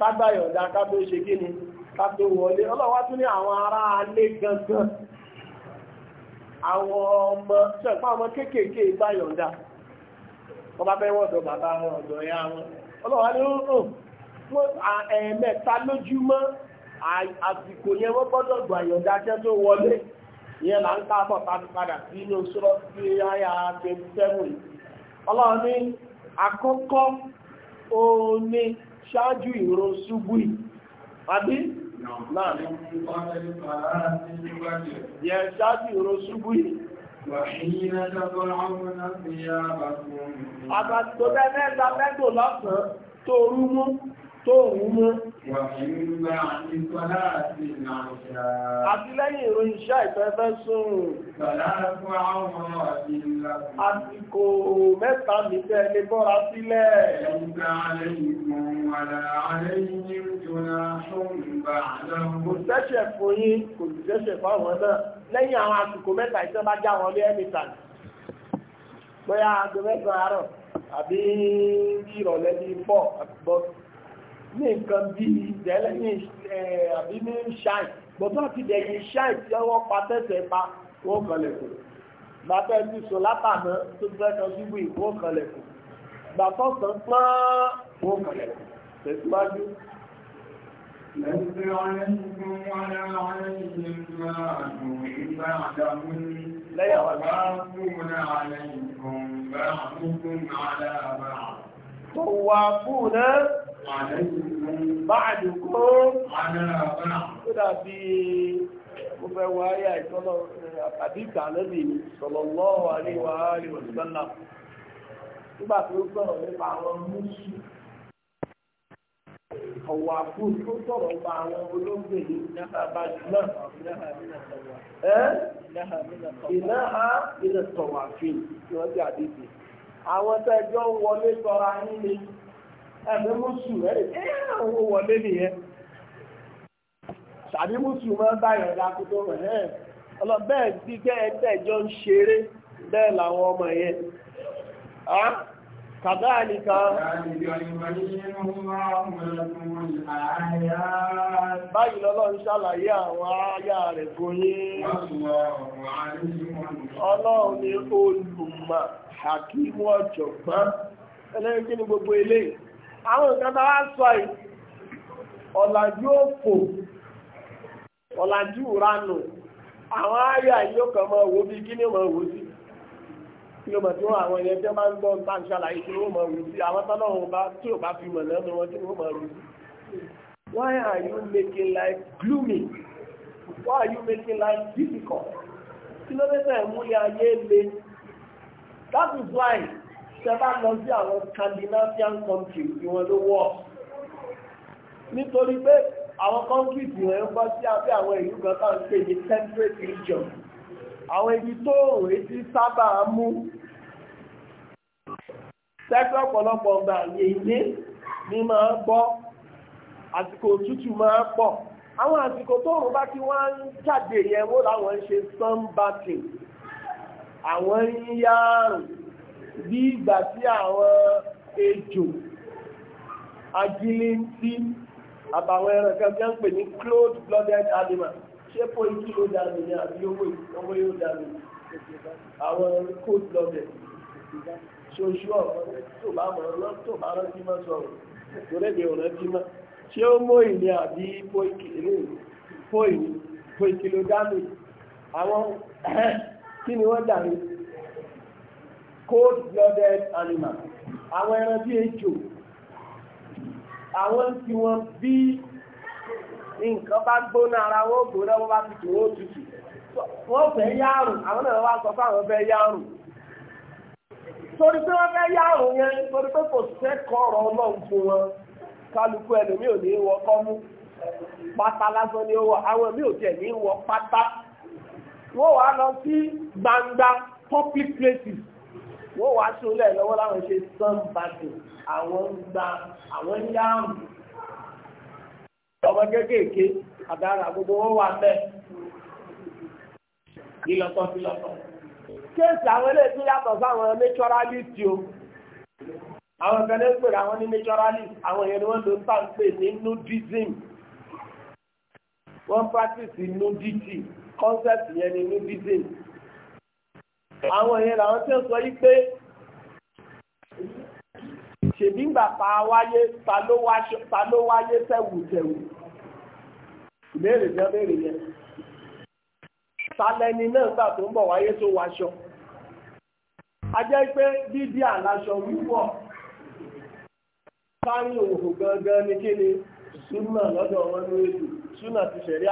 kágbà yọ̀dá ká tó ṣe kí ni ká tó wọlé ọlọ́wọ́ tún ní àwọn ará alé gangan àwọn ọmọ ṣẹ̀pá ọmọ kéékèèké gbà ọba wọ́n wọ́dọ̀ bàbá ọ̀dọ̀ ya wọn ọlọ́wọ́ ní ó oh, oh, ẹ̀ẹ̀mẹ́ta lójúmọ́ àsìkò yẹn wọ́n gbọ́dọ̀ gbà yọ̀dá tó wọlé ìyẹn là ń si ṣáájú ìrun ṣúgbì àbí láàrin yẹ ṣáájú ìrun ṣúgbì àgbàtò bẹ́ẹ̀ mẹ́ta mẹ́tò lásán tó rú mú tó òun mọ́. Àti lẹ́yìn ìròyìn iṣẹ́ ìfẹ́fẹ́ sùn. Àsìkò mẹ́ta mi tẹ́ lè bọ́ra sílẹ̀. Kò sẹ́ṣẹ̀ fún yín, kò sì sẹ́ṣẹ̀ fáwọn náà. Lẹ́yìn àwọn àsìkò mẹ́ta ìṣẹ́ bá já wọn lé ẹ́mìtàn. Bóyá aago àárọ̀ àbí ìrọ̀lẹ́ bíi 4 àti ní nǹkan bí ìdẹ́lẹ́ ní àbí ní ṣáì gbọ́dọ̀ ti dẹ̀yìn ṣáì tí ọwọ́ pa tẹ́sẹ̀ pa wọ́n kọlẹ̀ kù bàtà ẹni sọ látàná tó fẹ́ kan síbú ìwọ́ kọlẹ̀ kù bàtà ọ̀sán pọ́n wọ́n kọlẹ̀ kù tẹ̀síwájú. Lẹ́yìn àwọn àgbà. Tọ̀wà fún náà. Báàdùkú ó dàbí mo fẹ́ wọ ayé àìsọ́lọ́ àdíkà lẹ́bí sallallahu alaihi wa alihi wa sallam. Nígbà tí ó sọ̀rọ̀ nípa àwọn mùsù, ọ̀wà fún tó sọ̀rọ̀ nípa àwọn olóògbé yìí nígbàbá jùlọ. Ẹ́ ìnáhà ìlẹ̀ tọ̀wà fún ìwọ́n ti àdíkì. Àwọn tẹ́jọ́ ẹgbẹ́ mùsù ẹ̀rẹ̀ tí ó wọlé nìyẹn tàbí mùsù máa báyọ̀ rẹ̀ ẹ̀ ọlọ́bẹ́ẹ̀ tí kẹ́ẹ̀ẹ́tẹ̀jọ ń ṣeré bẹ́ẹ̀ làwọn ọmọ yẹn kàdáàlìkà báyìí lọ́lọ́ ń ṣàlàyé àwọn ayá rẹ̀ ọlọ́run ni olùmọ̀ àkíwọ̀ gbogbo eléyìí àwọn nǹkan bá wá sọ yìí ọ̀làjú òfò ọ̀làjú ìranù àwọn àyà yóò kàn mọ owó bíi kí ni mọ owó sí kí ló mọ̀ tí wọ́n àwọn ẹ̀yẹ́ tí wọ́n bá ń gbọ́ ń bá ń ṣàlàyé kí Why are you making life gloomy? Why are you making life difficult? kí ló dé that is why tẹ́bá lọ sí àwọn Scandinavian countries tí wọ́n ló wọ́ nítorí pé àwọn countries wọ́n ń bọ́ sí abẹ́ àwọn ìlú kan tá à ń pè ní temperate region àwọn ibi tó òwe tí sábà mú tẹ́gbẹ́ ọ̀pọ̀lọpọ̀ ọgbà yèyé ní máa ń bọ́ àsìkò òtútù máa ń pọ̀ àwọn àsìkò tó òun bá kí wọ́n ń jáde yẹn wó láwọn ń ṣe sunbathing àwọn ń yáàrùn bí ìgbà tí àwọn ejò agilintí àbàwọn ẹran kan jẹ́ ń pè ní closed blooded animal ṣé pọ̀ ikú ló dà mí ní àbí owó owó yóò dà àwọn cold blooded ṣoṣù ọ̀rọ̀ tó bá mọ̀ ọ́ tó bá rántí mọ́ sọ̀rọ̀ lórẹ́bẹ̀ ọ̀rọ̀ bí mọ́ ṣé ó mọ̀ ìní àbí pọ̀ ìkìlódàmì àwọn *clears throat* kí ni wọ́n dà mí cold-blooded animals àwọn ẹran bí ejò àwọn tí wọ́n bí nǹkan bá gbóná ara wọn gbóná wọ́n bá tutù wọ́n tutù wọ́n fẹ́ yárùn àwọn náà wá sọ fáwọn fẹ́ yárùn torí pé wọ́n fẹ́ yárùn yẹn torí pé kò sẹ́kọ̀ọ́ ọlọ́run fún wọn kálukú ẹlòmí ò ní wọ kọ́mú pátá lásán ni ó wọ àwọn mi ò tiẹ̀ ní wọ pátá wọ́n wà lọ sí gbangba public places wọ́n wá sí olẹ́ lọ́wọ́ láwọn ṣe sọ́nbàtì àwọn ń gba àwọn ń dáhùn ọmọ kéékèèké àdára gbogbo wọn wà bẹ́ẹ̀ ìlọ́tọ̀ sí lọ́tọ̀. kéèsì àwọn eléyìí tó yàtọ̀ sáwọn naturalist o àwọn kan ní ń pèrè àwọn ní naturalist àwọn èèyàn ni wọ́n lò sáà ń pè ní nudism wọ́n practice nudity concept yẹn ni nudism. àwọn èèyàn làwọn tí ó sọ yí pé ṣèbíngbà wáyé ta ló wáyé tẹ̀wùtẹ̀wù ìbéèrè jẹ́ béèrè yẹn talẹni náà gbà tó ń bọ̀ wáyé tó wáṣọ a jẹ́ pé dídí àláṣọ wíwọ̀ kárí òhò gangan ni kí ni súnà lọ́dọ̀ wọn ní èdè súnà ti ṣẹ̀rí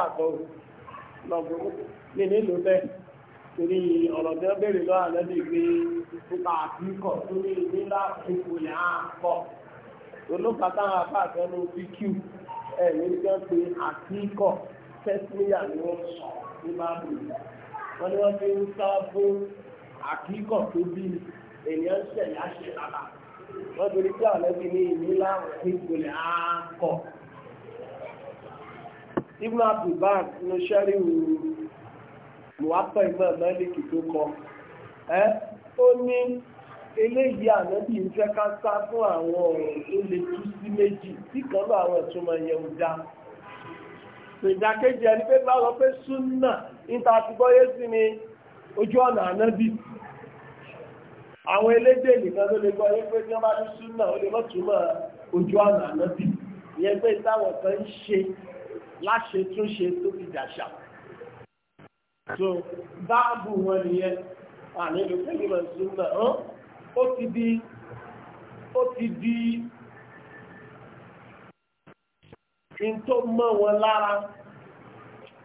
torí ọ̀rọ̀ tí ó bèèrè lọ́wọ́ àlọ́dì pé pípa àkíkọ̀ torí nílá ipò yà á kọ̀ olókàtà àbá àtẹnu pq ẹ nígbà pé àkíkọ̀ tẹ́sílíà ni wọ́n sọ ní báàbò yìí wọ́n ní wọ́n fi ń sá fún àkíkọ̀ tó bí ènìyàn ṣẹ̀yà ṣe bàbà wọ́n torí pé àlọ́dì ní ìnílá ipò yà á kọ̀ ibùdó àbùbá ní sẹ́ríwù mọ̀wápọ̀ ìmọ̀ mẹ́lìkì tó kọ ó ní eléyìí ànábì ń fẹ́ ká sá fún àwọn ọ̀rọ̀ tó lè tú sí méjì tí kan lọ àwọn ìtumọ̀ yẹn ò dá ẹni pé bá lọ pé súnà níta ti sí ni ojú ọ̀nà ànábì àwọn elédè nìkan ló lè gbọ́yé so báàbù wọn nìyẹn ànílò kẹ́lìmọ̀ súnmọ̀ ọ́n ó ti di ó ti di in tó mọ́ wọn lára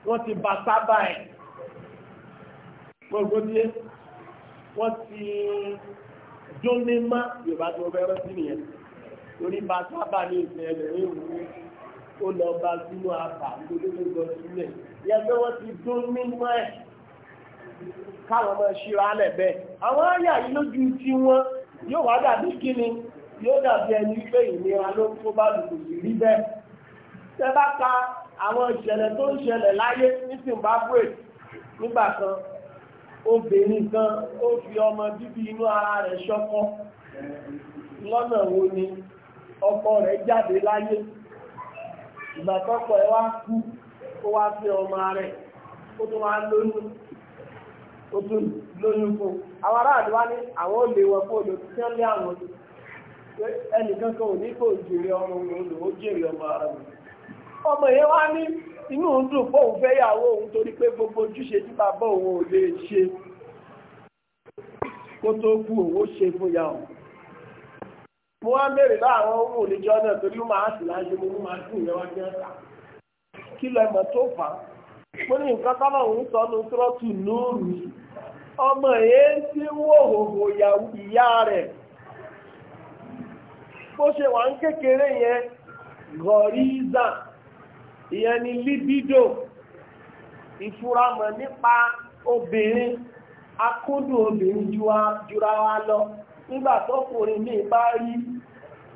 wọ́n ti bá sábà ẹ̀ gbogbo díẹ̀ wọ́n ti jónímá yorùbá tó fẹ́ràn sí nìyẹn torí bá sábà ní ìsìn ẹ̀lẹ́rìn òun ó lọ bá sínú àbà lólógbò sílẹ̀ yẹgbẹ́ wọ́n ti dún mímọ́ ẹ̀ káwọn máa ṣíra lẹ̀ bẹ́ẹ̀ àwọn àyà yìí lójú tí wọ́n yóò wá dàbí kíni yóò dàbí ẹni pé ìnira ló tó bá lùkù sí rí bẹ́ẹ̀ tẹ́ bá ka àwọn ìṣẹ̀lẹ̀ tó ń ṣẹlẹ̀ láyé ní Zimbabwe nígbà kan obìnrin kan ó fi ọmọ bíbí inú ara rẹ̀ ṣọkọ lọ́nà wo ni ọkọ rẹ̀ jáde láyé ìgbà tọ́pọ̀ ẹ wá kú ó wá sí ọmọ rẹ̀ ó tún wá lóyún fún àwọn aráàlú wá ní àwọn olè wọn fún olè tí wọ́n lé àwọn ẹnìkan kan ò ní ọmọ olè ó jèrè ọmọ ara mi ọmọ wá ní inú ń pé òun torí pé gbogbo ojúṣe tí bàbá ò lè ṣe kó tó kú òun ó ṣe mo wá bèrè láwọn owó òlejò náà torí ó máa sì láṣẹ mo ní máa sì ìyẹn wá jẹ́ ẹ̀ka kí lẹ mọ̀ tó fà á mo ní nǹkan sọ ìyá rẹ̀ bó ṣe wà ń kékeré yẹn gọ̀ríza libido nípa obìnrin akúndùn obìnrin jura wa lọ nígbà tó kùnrin mi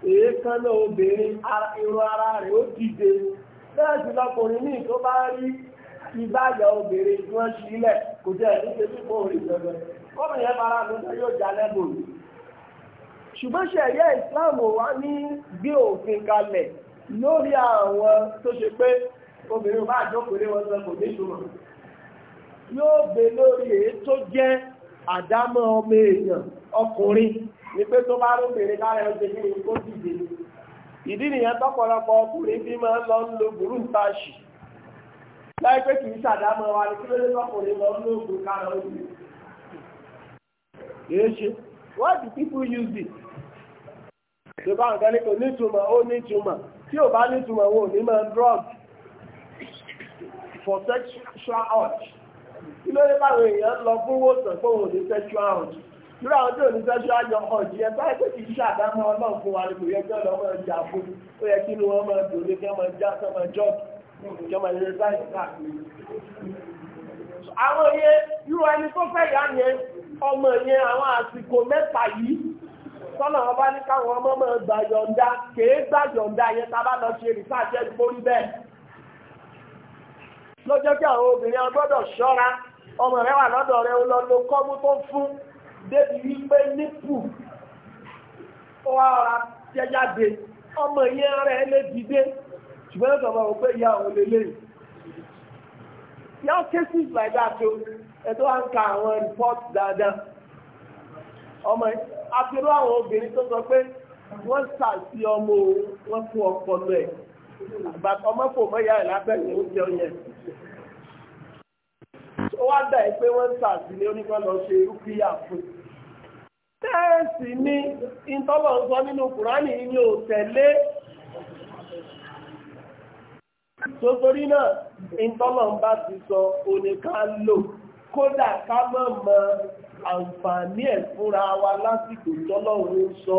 èékánná obìnrin irun ara rẹ̀ ó dìde bẹ́ẹ̀ sì lọkùnrin míì tó bá rí ìbáyà obìnrin tí wọ́n sílẹ̀ kò jẹ́ ìdíje tí kò rí gbẹgbẹ kọ́mọ̀ yẹn fara mi sọ yóò jalè bòlù ṣùgbọ́n ṣẹ̀yẹ́ ìsìláàmù wa ní gbé òfin kalẹ̀ lórí àwọn tó ṣe pé obìnrin bá jókòó lé wọn sọ kò ní ìtumọ̀ yóò gbé lórí èyí tó jẹ́ àdámọ́ ọmọ èèyàn ọkùnrin ni pé tó bá lóbìnrin lára ẹ̀ ṣe kíni kó dìde ìdí nìyẹn tọ́pọ̀lọpọ̀ ọkùnrin bí máa ń lọ ń lo burú táàṣì láì pé kì í wa ni kí ló dé tọ́kùnrin lọ ń lo ògùn kára ó dì kìí ṣe why do people use it ṣe bá nǹkan ní kò nítumọ̀ ó nítumọ̀ tí ò bá nítumọ̀ wọn ò ní máa ń drug for sexual urge kí ló dé báwọn èèyàn lọ fún wòsàn fún òun sexual urge lórí àwọn tí ò ní sẹ́ṣọ́ ayọ̀ ọ̀jì ẹ̀ báyìí pé kì í ṣàdámọ́ ọlọ́run fún wa ni kò yẹ kí ọ̀dọ́ máa jà fún ó yẹ kí wọ́n máa dòde kí wọ́n máa já kí wọ́n máa jọ́ kí wọ́n máa lè báyìí káàkiri. àwọn yẹn irú ẹni tó fẹ́ yá yẹn ọmọ yẹn àwọn àsìkò mẹ́ta yìí sọ́nà ọba ní káwọn ọmọ máa gbà yọ̀ǹda kèé gbà yọ̀ǹda yẹn tá a bá lọ ṣe rìsáàjẹ́ gbórí bẹ́ẹ̀ lọ́jọ́ kí àwọn obìnrin agbọ́dọ̀ ṣọ́ra ọmọ rẹ wà lọ́dọ̀ rẹ ń lọ lo kọ́mú tó fún débi wípé nípù ó ara jẹjáde ọmọ yẹn ara lè dìde ṣùgbọ́n ẹ̀sọ̀ òpé ìyá òun lè cases like that o ẹ̀tọ́ à ń ka àwọn report dáadáa ọmọ abirú àwọn obìnrin tó sọ pé wọ́n ṣàṣì ọmọ òun fún ọpọlọ ẹ̀ ọmọ kò mọ ìyá pé wọ́n ṣàṣì ní oníkan lọ ṣe rúkìá fún tẹ́ẹ̀sì ni ìtọ́lọ̀ ń sọ nínú kùránì ni ò tẹ̀lé tó torí náà ìtọ́lọ̀ ń bá ti sọ oníká lò kódà ká mọ̀ mọ̀ àǹfààní ẹ̀ fúnra wa lásìkò tọ́lọ̀ ń sọ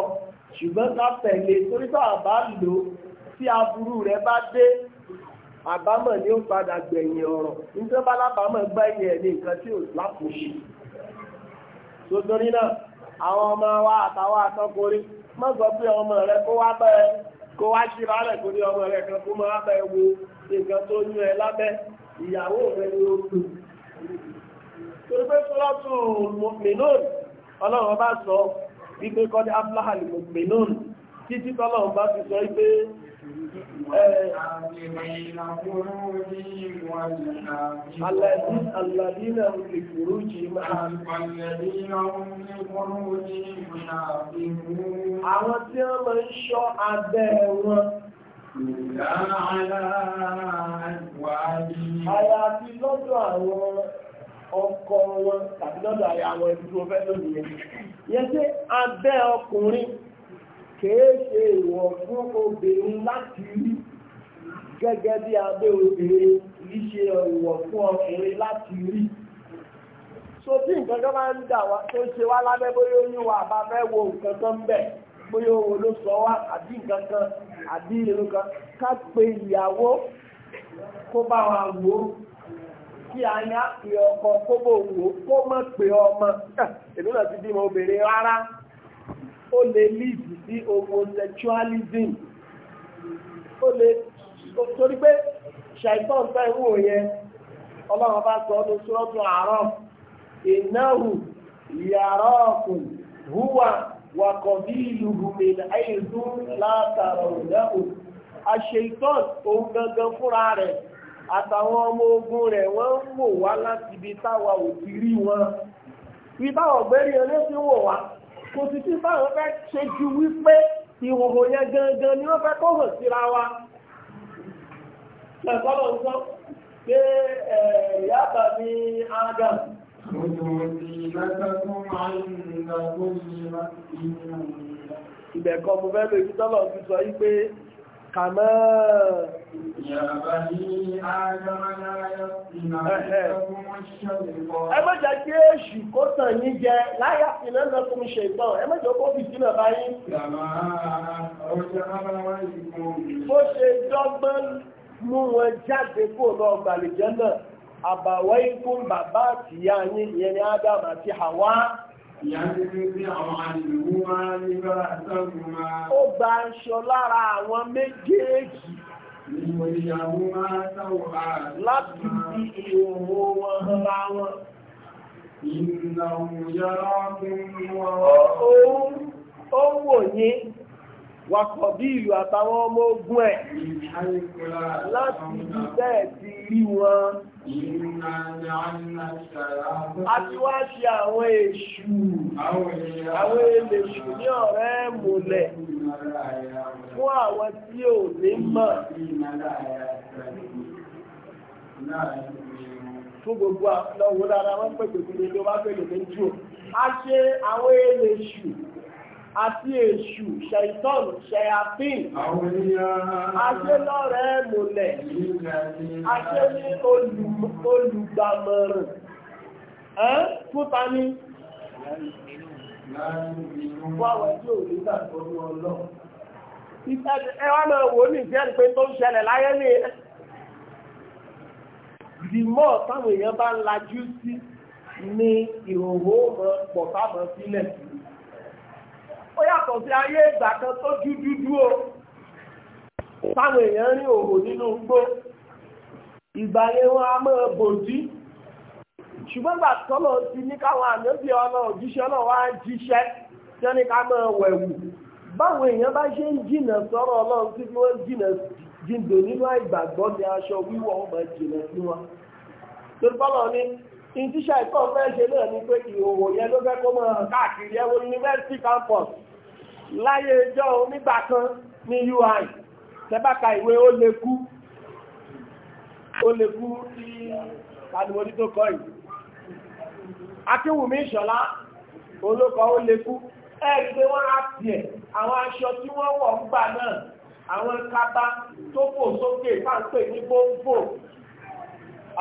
ṣùgbọ́n ká tẹ̀lé torí bá a bá lò tí aburú rẹ̀ bá dé àbámọ̀ ni ó padà gbẹ̀yìn ọ̀rọ̀ nítorí bá lábàámọ̀ gbẹ̀yìn ẹ̀ ní nǹkan tí ò lápò ṣe tó náà àwọn ọmọ wa àtàwọn àtọkùnrin má sọ pé ọmọ rẹ kó wá bẹ kó wá ṣíra rẹ kó ní ọmọ rẹ kan kó máa bẹ wo nǹkan tó yún ẹ lábẹ́ ìyàwó rẹ ni ó lù torí pé sọ́lọ́tù mìíràn ọlọ́run bá sọ wípé kọ́ni abúláhàlì mìíràn títí tọ́lọ́run bá ti sọ wípé الذين هم لفروجهم والذين هم لفروجهم حافظون àwọn tí wọ́n máa ń ṣọ́ abẹ́ wọn àyàfi lọ́dọ̀ àwọn ọkọ wọn tàbí lọ́dọ̀ àwọn ẹbí tó fẹ́ lónìí yẹn tí abẹ́ ọkùnrin kèé ṣe ìwọ̀ fún obìnrin láti rí gẹ́gẹ́ bí abẹ́ obìnrin kìí ṣe ìwọ̀ fún ọkùnrin láti rí so tí nǹkan tó máa ń dà wá tó ṣe wá lábẹ́ bóyá ó wa àbá fẹ́ wo nǹkan tó ń bẹ̀ bóyá owó ló sọ wá àbí nǹkan kan àbí irun kan ká pe ìyàwó kó bá wa wò ó kí a ní àpè ọkọ kó wò ó o le líìdì sí homosexualism ó le torí pé ṣàìtàn fẹ́ wò yẹn ọlọ́run bá sọ ọdún sọ́tún àárọ̀ ìnáhù yàrá ọkùn húwà wàkọ̀bí ìlú hùmìnà àìsù látàrà òdáhù àṣeìtàn òun gangan fúnra rẹ̀ àtàwọn ọmọ ogun rẹ̀ wọ́n ń wò wá láti ibi wọn wò kò sì sí báwọn fẹ́ ṣe ju wípé ìhòhò yẹn gangan ni wọ́n fẹ́ kó hàn síra wa ṣẹ̀kọ́lọ̀ ń sọ pé ìyá àbàmì adam ìbẹ̀kọ̀ mo fẹ́ lè fi tọ́lọ̀ fi sọ yí pé kàmọ́ ẹmọ́jà kí èṣù kó tàn yín jẹ láyà sí lẹ́nà tó ń ṣe ìtàn ẹmọ́jà kó fi sínú ọba yín. bó ṣe dọ́gbọ́n mú wọn jáde kó lọ gbàlejò náà àbàwọ́ ikú bàbá àtìyá yín ìyẹn ni Ádámù àti Háwà. Ó gba aṣọ lára àwọn méjèèjì. Láti fi ìhòhò wọn hànra wọn. Ìrìnà òun yára fún wọn. Ó wò yín wakọ̀ bí ìlú àtàwọn ọmọ ogun ẹ̀ láti ibi bẹ́ẹ̀ ti rí wọn. A ti wá ṣe àwọn èṣù, àwọn èlèṣù ní ọ̀rẹ́ mọ̀lẹ̀ fún àwọn tí ò ní mọ̀. Fún gbogbo àwọn ọ̀wọ́ wọ́n pẹ̀lú ìlú pẹ̀lú méjì. A ṣe àwọn èlèṣù àti èṣù ṣẹ̀ìtọ́n ṣẹ̀yàfín aṣẹ́lọ́rẹ́ mọ̀lẹ̀ aṣẹ́ ní olùgbàmọ̀rùn ẹ́n fúta ní wáwẹ̀ tí ò ní ìgbàgbọ́nú ọlọ́ ẹwà náà wò ní ìfẹ́ pé tó ń ṣẹlẹ̀ láyé ní dìmọ́ táwọn èèyàn bá ń lajú sí ní ìhòòhò mọ̀ pọ̀ táwọn sílẹ̀ sí ó yàtọ̀ sí ayé ìgbà kan tó dúdúdú o táwọn èèyàn rí òhò nínú igbó ìgbà yẹn wọn a máa bòdì ṣùgbọ́n gbà tọ́lọ̀ ti ní káwọn ànábì ọlọ́ òjíṣẹ́ ọlọ́wọ́ á jíṣẹ́ tí wọ́n ní ká máa wẹ̀wù báwọn èèyàn bá ṣe ń jìnà sọ́rọ̀ ọlọ́run tí wọ́n jìnà jíndò nínú àìgbàgbọ́ ni aṣọ wíwọ̀ wọn máa jìnà sí wọn. torí bọ́lọ̀ ni ìtíṣà ìkọ́ fẹ́ ṣe náà ni pé ìhòòhò yẹn ló fẹ́ kó máa káàkiri ẹwọ yunifásitì campus láyé ẹjọ́ onígbà kan ní ui tẹ́bàkà ìwé ó lè kú ó lè kú tí tàbí tó kọ́ yìí akíwùmí ìṣọ̀lá olókọ̀ ó lè kú ẹ̀rí pé wọ́n á tiẹ̀ àwọn aṣọ tí wọ́n wọ̀ ń gbà náà àwọn kaba tó fò sókè pàǹpẹ̀ ní bóńfò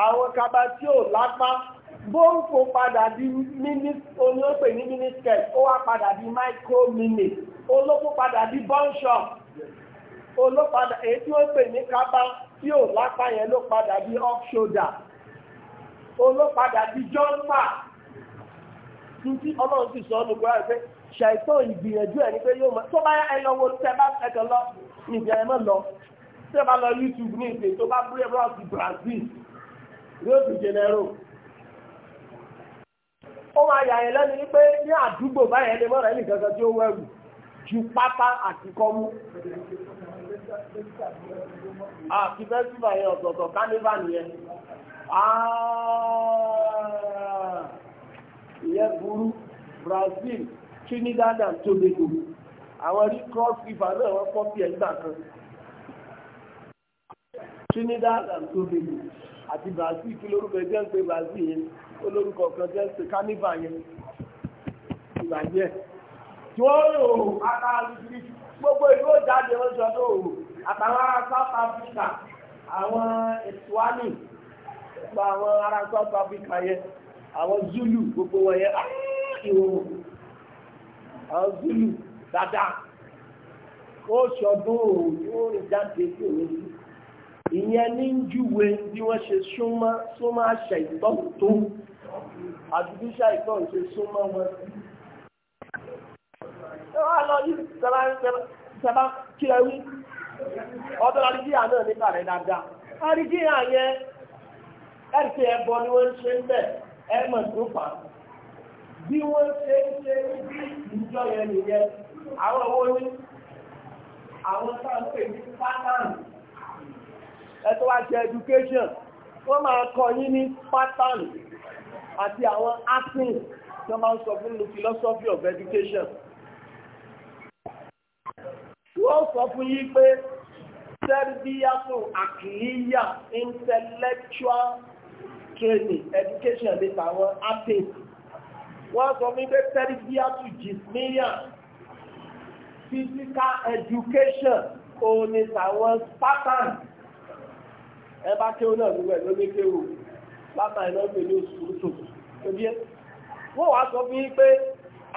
àwọn kaba tí ò lápá bóńfò padà di mini oní ó pè ní miniskirt ó wá padà di micro minute olóko padà di bọ́ńṣọ̀ olópadà èyí tí ó pè ní kábá tí ò lápá yẹn ló padà di off shoulder olópadà di jọ́ńpà tuntun ọlọ́run ti sọ ọ́ nùgbọ́ ẹ̀ pé ṣàìsàn ìgbìyànjú ẹ̀ ni pé yóò mọ̀ tó bá ẹ lọ wo tẹ bá lọ ìgbà ẹ̀ mọ̀ lọ tẹ bá lọ YouTube ní ìpè tó bá búrẹ́ bá ti Brazil Rio de Janeiro ó máa yà yẹn lẹ́nu ní àdúgbò báyẹn lè tí ó ju pátá àti kọ́mú. Àti fẹ́sífà yẹn ọ̀tọ̀ọ̀tọ̀ kálífà nìyẹn. Ìyẹn burú Brazil, Trinidad and Tobago. Àwọn rí cross river náà wọ́n kọ́ bí ẹgbà kan. Trinidad and Tobago àti Brazil kí lórúkọ jẹ́ ń pe Brazil yẹn, ó lórúkọ kan jẹ́ ń pe Carnival yẹn. Ìgbà tí ó rò àtàlùfì gbogbo ìlú òjáde lọ́jọ́ tó àwọn Zulu gbogbo wọn yẹn ah, àwọn Zulu dáadáa ó ṣọdún òòrùn tí ó rìn jáde sí òun sí ìyẹn ní ń júwe bí wọ́n ṣe súnmọ́ súnmọ́ àṣẹ ìtọ́ tó àdúgbò ṣàìtọ́ ṣe súnmọ́ wọn sí wá lọ yìí sábà sábà kí ẹ wí ọdún àríjíà náà nípa rẹ̀ dáadáa àríjíà yẹn ẹ̀sìn ẹ̀bọ ni wọ́n ń ṣe ń bẹ̀ ẹ̀mọ̀ tó fà á bí wọ́n ṣe ń ṣe bí ìjọ yẹn nìyẹn àwọn owó ní àwọn sáńpẹ̀ ní pátánù ẹ̀tọ́ wá ṣe education wọ́n máa kọ yín ní pátánù àti àwọn acting tí wọ́n máa ń sọ fún ní philosophy of education wọ́n sọ fún yí pé sẹ́rbíyàtò àkìlíyà intellectual training education nípa àwọn athletes wọ́n sọ fún pé sẹ́rbíyàtò jismiya physical education òun ni tàwọn spartan ẹ bá kéwò náà lówó ẹ lórí kéwò spartan iná pè ní oṣù tó tó wọ́n wá sọ fún yí pé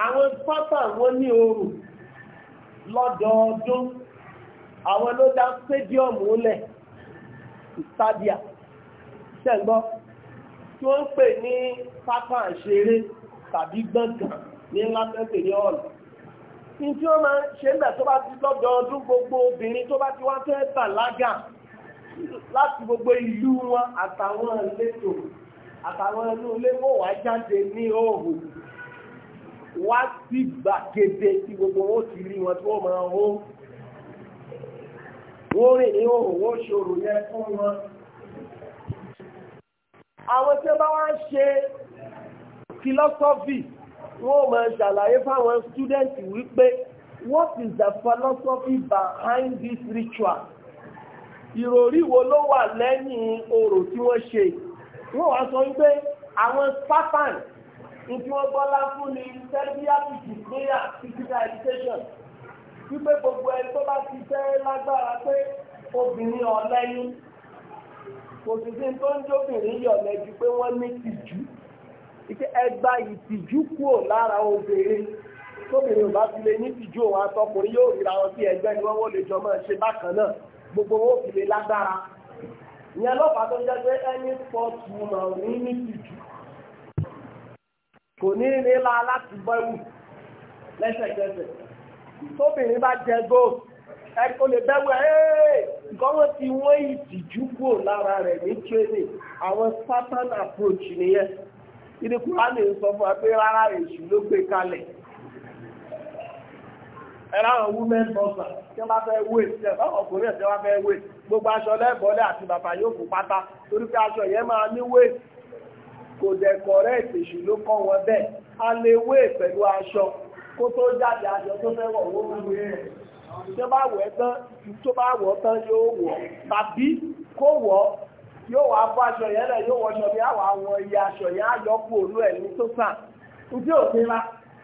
àwọn spartan wọ́n ní oòrùn lọ́dọọdún àwọn ló dá stadiumu lẹ̀ stadia ṣẹ̀gbọ́ tí wọ́n ń pè ní pápá ìṣeré tàbí gbọ̀ngàn ní látẹ́sẹ̀ ní ọ̀nà ní tí wọ́n máa ń ṣe ń bẹ̀ tó bá ti lọ́dọọdún gbogbo obìnrin tó bá ti wá fẹ́ bàlágà láti gbogbo ìlú wọn àtàwọn ìletò àtàwọn inú ilé wọ́n wá jáde ní òòhùn wá sí gbàgede tí gbogbo wọn ti rí wọn tí wọ́n máa hó wọ́n rìn ní òhùn wọ́n ṣòro yẹn fún wọn. àwọn tí wọ́n bá wá ń ṣe philosophy wọ́n máa ṣàlàyé fáwọn stúdẹ́ǹtì wípé what is the philosophy behind this ritual? ìròrí wo ló wà lẹ́yìn orò tí wọ́n ṣe wọ́n wá sọ wípé àwọn spartans ìtí wọ́n bọ́lá fún ni sẹ́bíà tìtì péyà physical education wípé gbogbo ẹni tó bá ti fẹ́ lágbára pé obìnrin ọ̀lẹ́yìn kò sì sí tó ń jóbìnrin yọ̀lẹ́ ju pé wọ́n ní tìjú ike ẹgbà ìtìjú kúrò lára obìnrin tóbìnrin ò bá fi lè ní tìjú òun àtọkùnrin yóò ríra wọn sí ẹgbẹ́ ni wọ́n wọ́n lè jọ máa ṣe bákan náà gbogbo wọn ò fi lè lágbára ìyẹn lọ́pàá tó ń jẹ́ pé ẹni pọ̀ tù mọ̀ ní ní tìjú kò ní nílá láti bẹ́wù lẹ́sẹ̀kẹsẹ̀ tóbìnrin bá jẹ góòlù ẹ̀kọ́ lè bẹ́wù ẹ̀ gọ́wọ́ ti wọ́n ìtìjú kò lára rẹ̀ ní training àwọn Spartan approach nìyẹn ìdí kúránì sọ fún wa pé rárá èṣù ló gbé kalẹ̀ ẹ̀ráwọn women bọ́sà tí wọ́n bá fẹ́ wé ẹ̀fọ́ ọkùnrin ẹ̀ tí wọ́n bá fẹ́ wé gbogbo aṣọ lẹ́bọ̀ọ́lẹ́ àti bàbá yóò kú pátá torí pé aṣọ yẹn máa ní wéètì kò dẹ̀ kọ̀rẹ́ẹ̀tì èṣù ló kọ́ wọn bẹ́ẹ̀ a lè wé pẹ̀lú aṣọ kó tó jáde aṣọ tó fẹ́ wọ̀ wọ́n wé rẹ̀ tó bá wọ̀ tán tó bá wọ̀ tán yóò wọ̀ tàbí kó wọ̀ yóò wá fọ aṣọ yẹn lẹ̀ yóò wọṣọ bí àwọn àwọn iye aṣọ yẹn á yọ kú òun ẹ̀ ní tó sàn ojú òfin la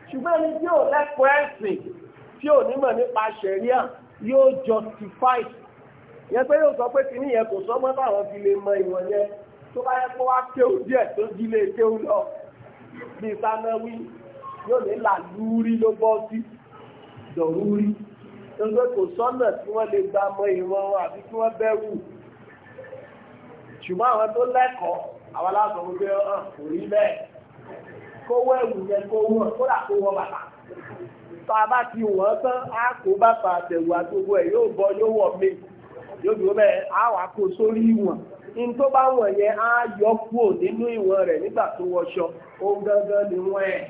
ṣùgbọ́n ẹni tí ò lẹ́kọ̀ọ́ ẹ̀sìn tí ò nímọ̀ nípa ṣẹ̀ríà yóò justify yẹn pé yóò sọ pé kìnìyẹn kò sọ́mọ́ táwọn fi lè mọ ìwọ̀n yẹn tó bá yẹ kó wá kéwú díẹ̀ tó dílé kéwú lọ bí sanáwí yóò ní làlúrí ló bọ́ sí dọ̀rúrí nígbà kò sọ́nà tí wọ́n lè gba ọmọ ìwọ̀n wọn àbí kí wọ́n bẹ̀rù ṣùgbọ́n àwọn tó lẹ́kọ̀ọ́ àwọn aláàbọ̀ wípé hàn kò rí bẹ́ẹ̀ kó wọ́ ẹ̀wù yẹn kó wọ́ kódà kó wọ́ bàtà tó a bá ti wọ́n tán á kó bàtà àtẹ̀wù àtòwò ẹ̀ yóò bọ́ yóò wọ̀ mí yóò dúró bẹ́ẹ̀ á wà kó sórí ìwọ̀n n tó bá wọ̀n yẹn á yọ kúrò nínú ìwọ̀n rẹ̀ nígbà tó wọṣọ ohun gangan ni wọ́n ẹ̀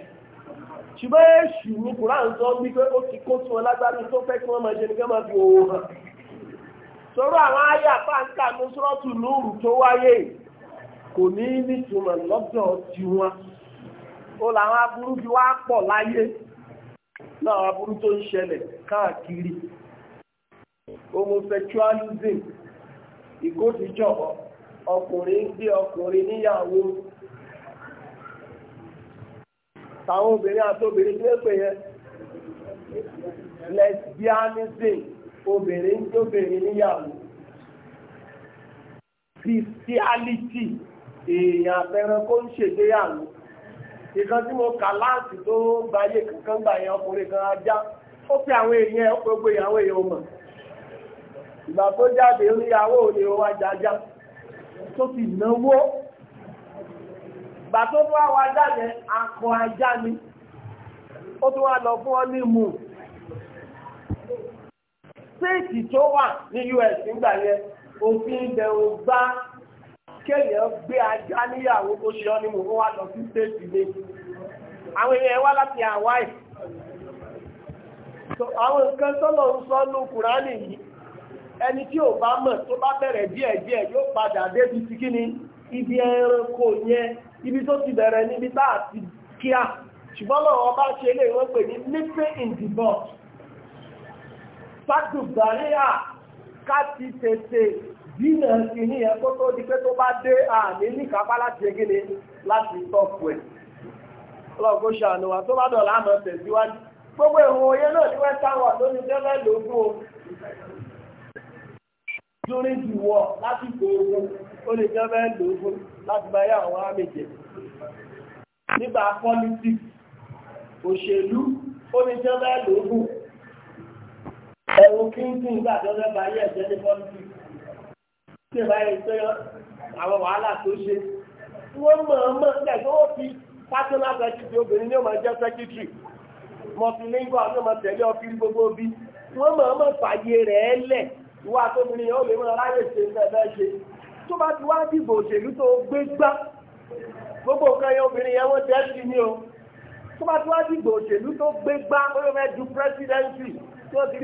ṣùgbọ́n èṣù ní sọ wípé ó ti kó tún ọ lágbára tó fẹ́ kí wọ́n máa ṣe ní kẹ́mọ́ fi hàn àwọn ayé àpáǹkà ní lóòrù tó wáyé kò ní nítumọ̀ tiwọn ó làwọn aburú fi wá pọ̀ láyé náà aburú tó ń ọkùnrin ń ọkùnrin níyàwó táwọn obìnrin àtòbìnrin pè lesbianism obìnrin tóbìnrin níyàwó christianity èèyàn àfẹ́ràn kó ń ṣègbéyàwó ìkan tí mo kà láti tó gbayé kankan gbà yẹn ọkùnrin kan ajá ó fi àwọn èèyàn ó pé gbé èèyàn mọ̀ ni ó wá jájá. tó náwó gbà tó fún àwọn ajá akọ ajá ni ó tó wà lọ fún ọ ní tó wà ní US nígbà yẹn òfin ibẹ̀ bá kéèyàn gbé ajá níyàwó kó ṣe ọ ní mú lọ sí séètì méjì àwọn èèyàn wá láti Hawaii ẹni tí ò bá mọ̀ tó bá bẹ̀rẹ̀ díẹ̀ díẹ̀ yóò padà débi kí ni ibi ẹranko yẹn ibi tó ti bẹ̀rẹ̀ níbi tá àti kíá ṣùgbọ́n lọ́wọ́ bá ṣe lè wọ́n pè ní nipping in the bud sáàtù gbàríyà tètè dínà sí ní ẹ̀kọ́ tó di pé tó bá dé àmì láti ṣe láti tọ́pù during the war lásìkò ogun ó lè jẹ́ bẹ́ẹ̀ lò láti bá àwọn àmìjẹ nígbà politics òṣèlú ó lè jẹ́ bẹ́ẹ̀ lò fún ẹ̀rùn kíntì nígbà tó fẹ́ bá yẹ ẹ̀jẹ̀ ní politics ṣe báyìí pé àwọn wàhálà tó ṣe wọ́n mọ̀ ọ́n mọ̀ nígbà tó fi personal secretary obìnrin ní ó jẹ́ secretary multilingual ní ó tẹ̀lé ọkiri ìwà àtòmìnrin yẹn ó lè mọ aráyè ṣe fẹ́fẹ́ ṣe tó bá ti wá dìbò òṣèlú gbogbo nǹkan yẹn obìnrin yẹn wọ́n tẹ́ o tó bá ti wá dìbò òṣèlú tó gbé gbá ó yọ mẹ́ẹ̀dù pírẹ́sídẹ́ǹtì tó ti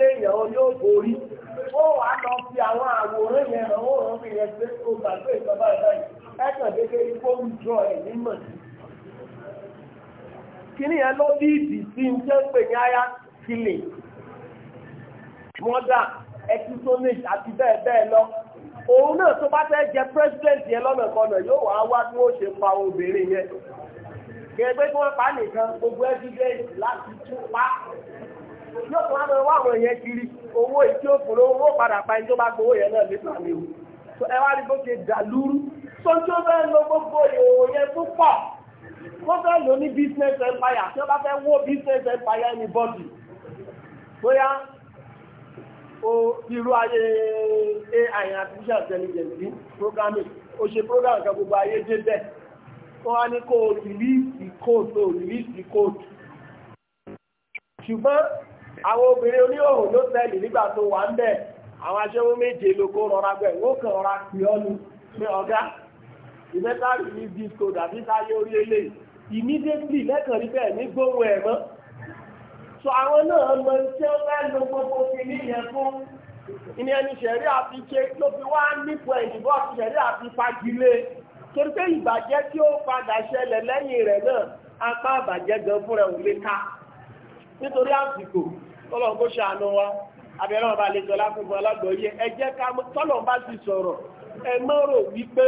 lé yóò borí ó wà á lọ fi àwọn àwòrán yẹn ràn ó fi yẹn pé ó gbàgbé ìjọba ìbáyìí ẹ̀kàn ikú ń jọ ẹ̀ nímọ̀ sí yẹn ló sí ẹtútónèjì àti bẹ́ẹ̀ bẹ́ẹ̀ lọ òun náà tó bá fẹ́ jẹ president yẹn lọ́nà kọnà yóò wá wá bí wọ́n ṣe pa obìnrin yẹn kẹgbẹ́ tí wọ́n pa nìkan gbogbo evidence láti tún pa yóò tún wá lọ wá àwọn yẹn kiri owó ìtí òfin owó padà pa ẹni tó bá gbowó yẹn náà nípa mi o ẹ wá rí bó ṣe dàlúrú tó tí ó fẹ́ lo gbogbo ìhòòhò yẹn tó pọ̀ wọ́n fẹ́ lò ní business empire tí wọ́n bá fẹ́ bóyá irú ayé AI artificial intelligence programming ó ṣe program kan gbogbo ayé dé bẹ̀ wọ́n á ní kó o release code o release code ṣùgbọ́n àwọn obìnrin oníhòòhò ló tẹ̀lé nígbà tó wà ń bẹ̀ àwọn aṣẹ́wó méje ló kó rọra pẹ̀ wọ́n kàn rọra pè ọ́ nu pé ọ̀gá ìmẹ́ta release this code àbí sáyé orí eléyìí immediately lẹ́kàn rí bẹ́ẹ̀ ní gbóhùn ẹ̀ sọ àwọn náà mọ iṣẹ́ lẹ́nu gbogbo ti yẹn fún ìní ẹni ṣẹ̀rí àti ṣe ló fi wá nípò ìdìbò àti ṣẹ̀rí àti fagilé torí pé ìbàjẹ́ tí ó padà ṣẹlẹ̀ lẹ́yìn rẹ̀ náà apá àbàjẹ́ gan fúnra ò lè ká nítorí àsìkò tọ́lọ̀ kó ṣàánú ọba lè sọ alágbòye ká sọ̀rọ̀ ẹ wípé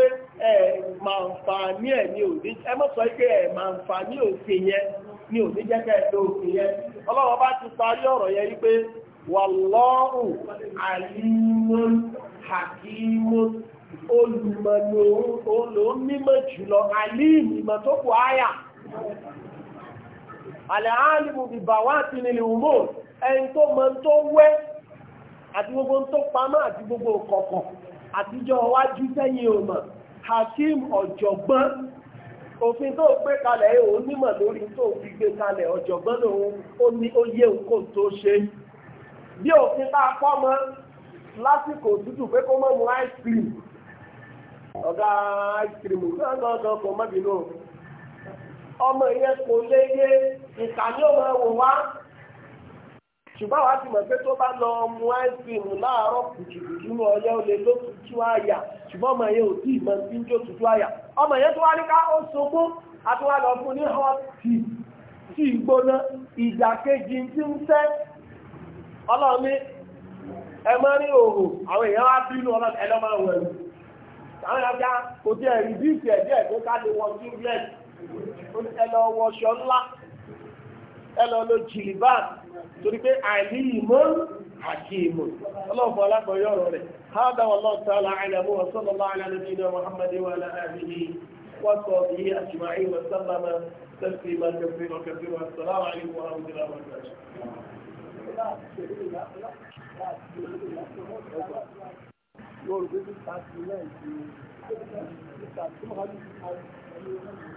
ẹ̀ ní òní ẹ ọlọ́wọ́ bá ti parí ọ̀rọ̀ yẹ wípé wallahu alimun hakimun olùmọ̀lò olómímọ̀ jùlọ alim tó kù áyà alẹ́ alimu bí bàwá ti ẹni tó tó wẹ́ àti gbogbo tó pamọ́ àti gbogbo kọ̀kọ̀ àtijọ́ wájú sẹ́yìn hakim òfin tó gbé kalẹ̀ ẹ̀ ò nímọ̀ lórí tó fi gbé kalẹ̀ ọ̀jọ̀gbọ́n lòun ó ní ó yé nǹkan tó ṣe bí òfin tá a mọ́ lásìkò òtútù pé mọ́ mu ice cream ọ̀gá ice cream ọmọ yẹn kò léyé ìkànnì òun wá ṣùgbọ́n wàá ti mọ̀ pé tó bá lọ mu ice láàárọ̀ kùtùkùtù ní ọyẹ́ ó lè lótútù àyà ṣùgbọ́n ọmọ yẹn ò tí ì mọ bí ń jó tútù àyà ọmọ yẹn tó wá ní ká ó sopó àti lọ fún ní tí gbóná tí ń fẹ́ ẹ mọ́ òhò àwọn èèyàn wá bínú ẹ ẹ lọ lo jìlìbáàbù torí pé àìlí ìmọ̀ àti ìmọ̀ ọlọ́ọ̀fọ̀ alágbọ̀yọ̀ ọ̀rọ̀ rẹ̀ هذا والله تعالى أعلم وصلى الله على نبينا محمد وعلى آله وصحبه أجمعين وسلم تسليما كثيرا كثيرا السلام عليكم ورحمة الله وبركاته Lord, this is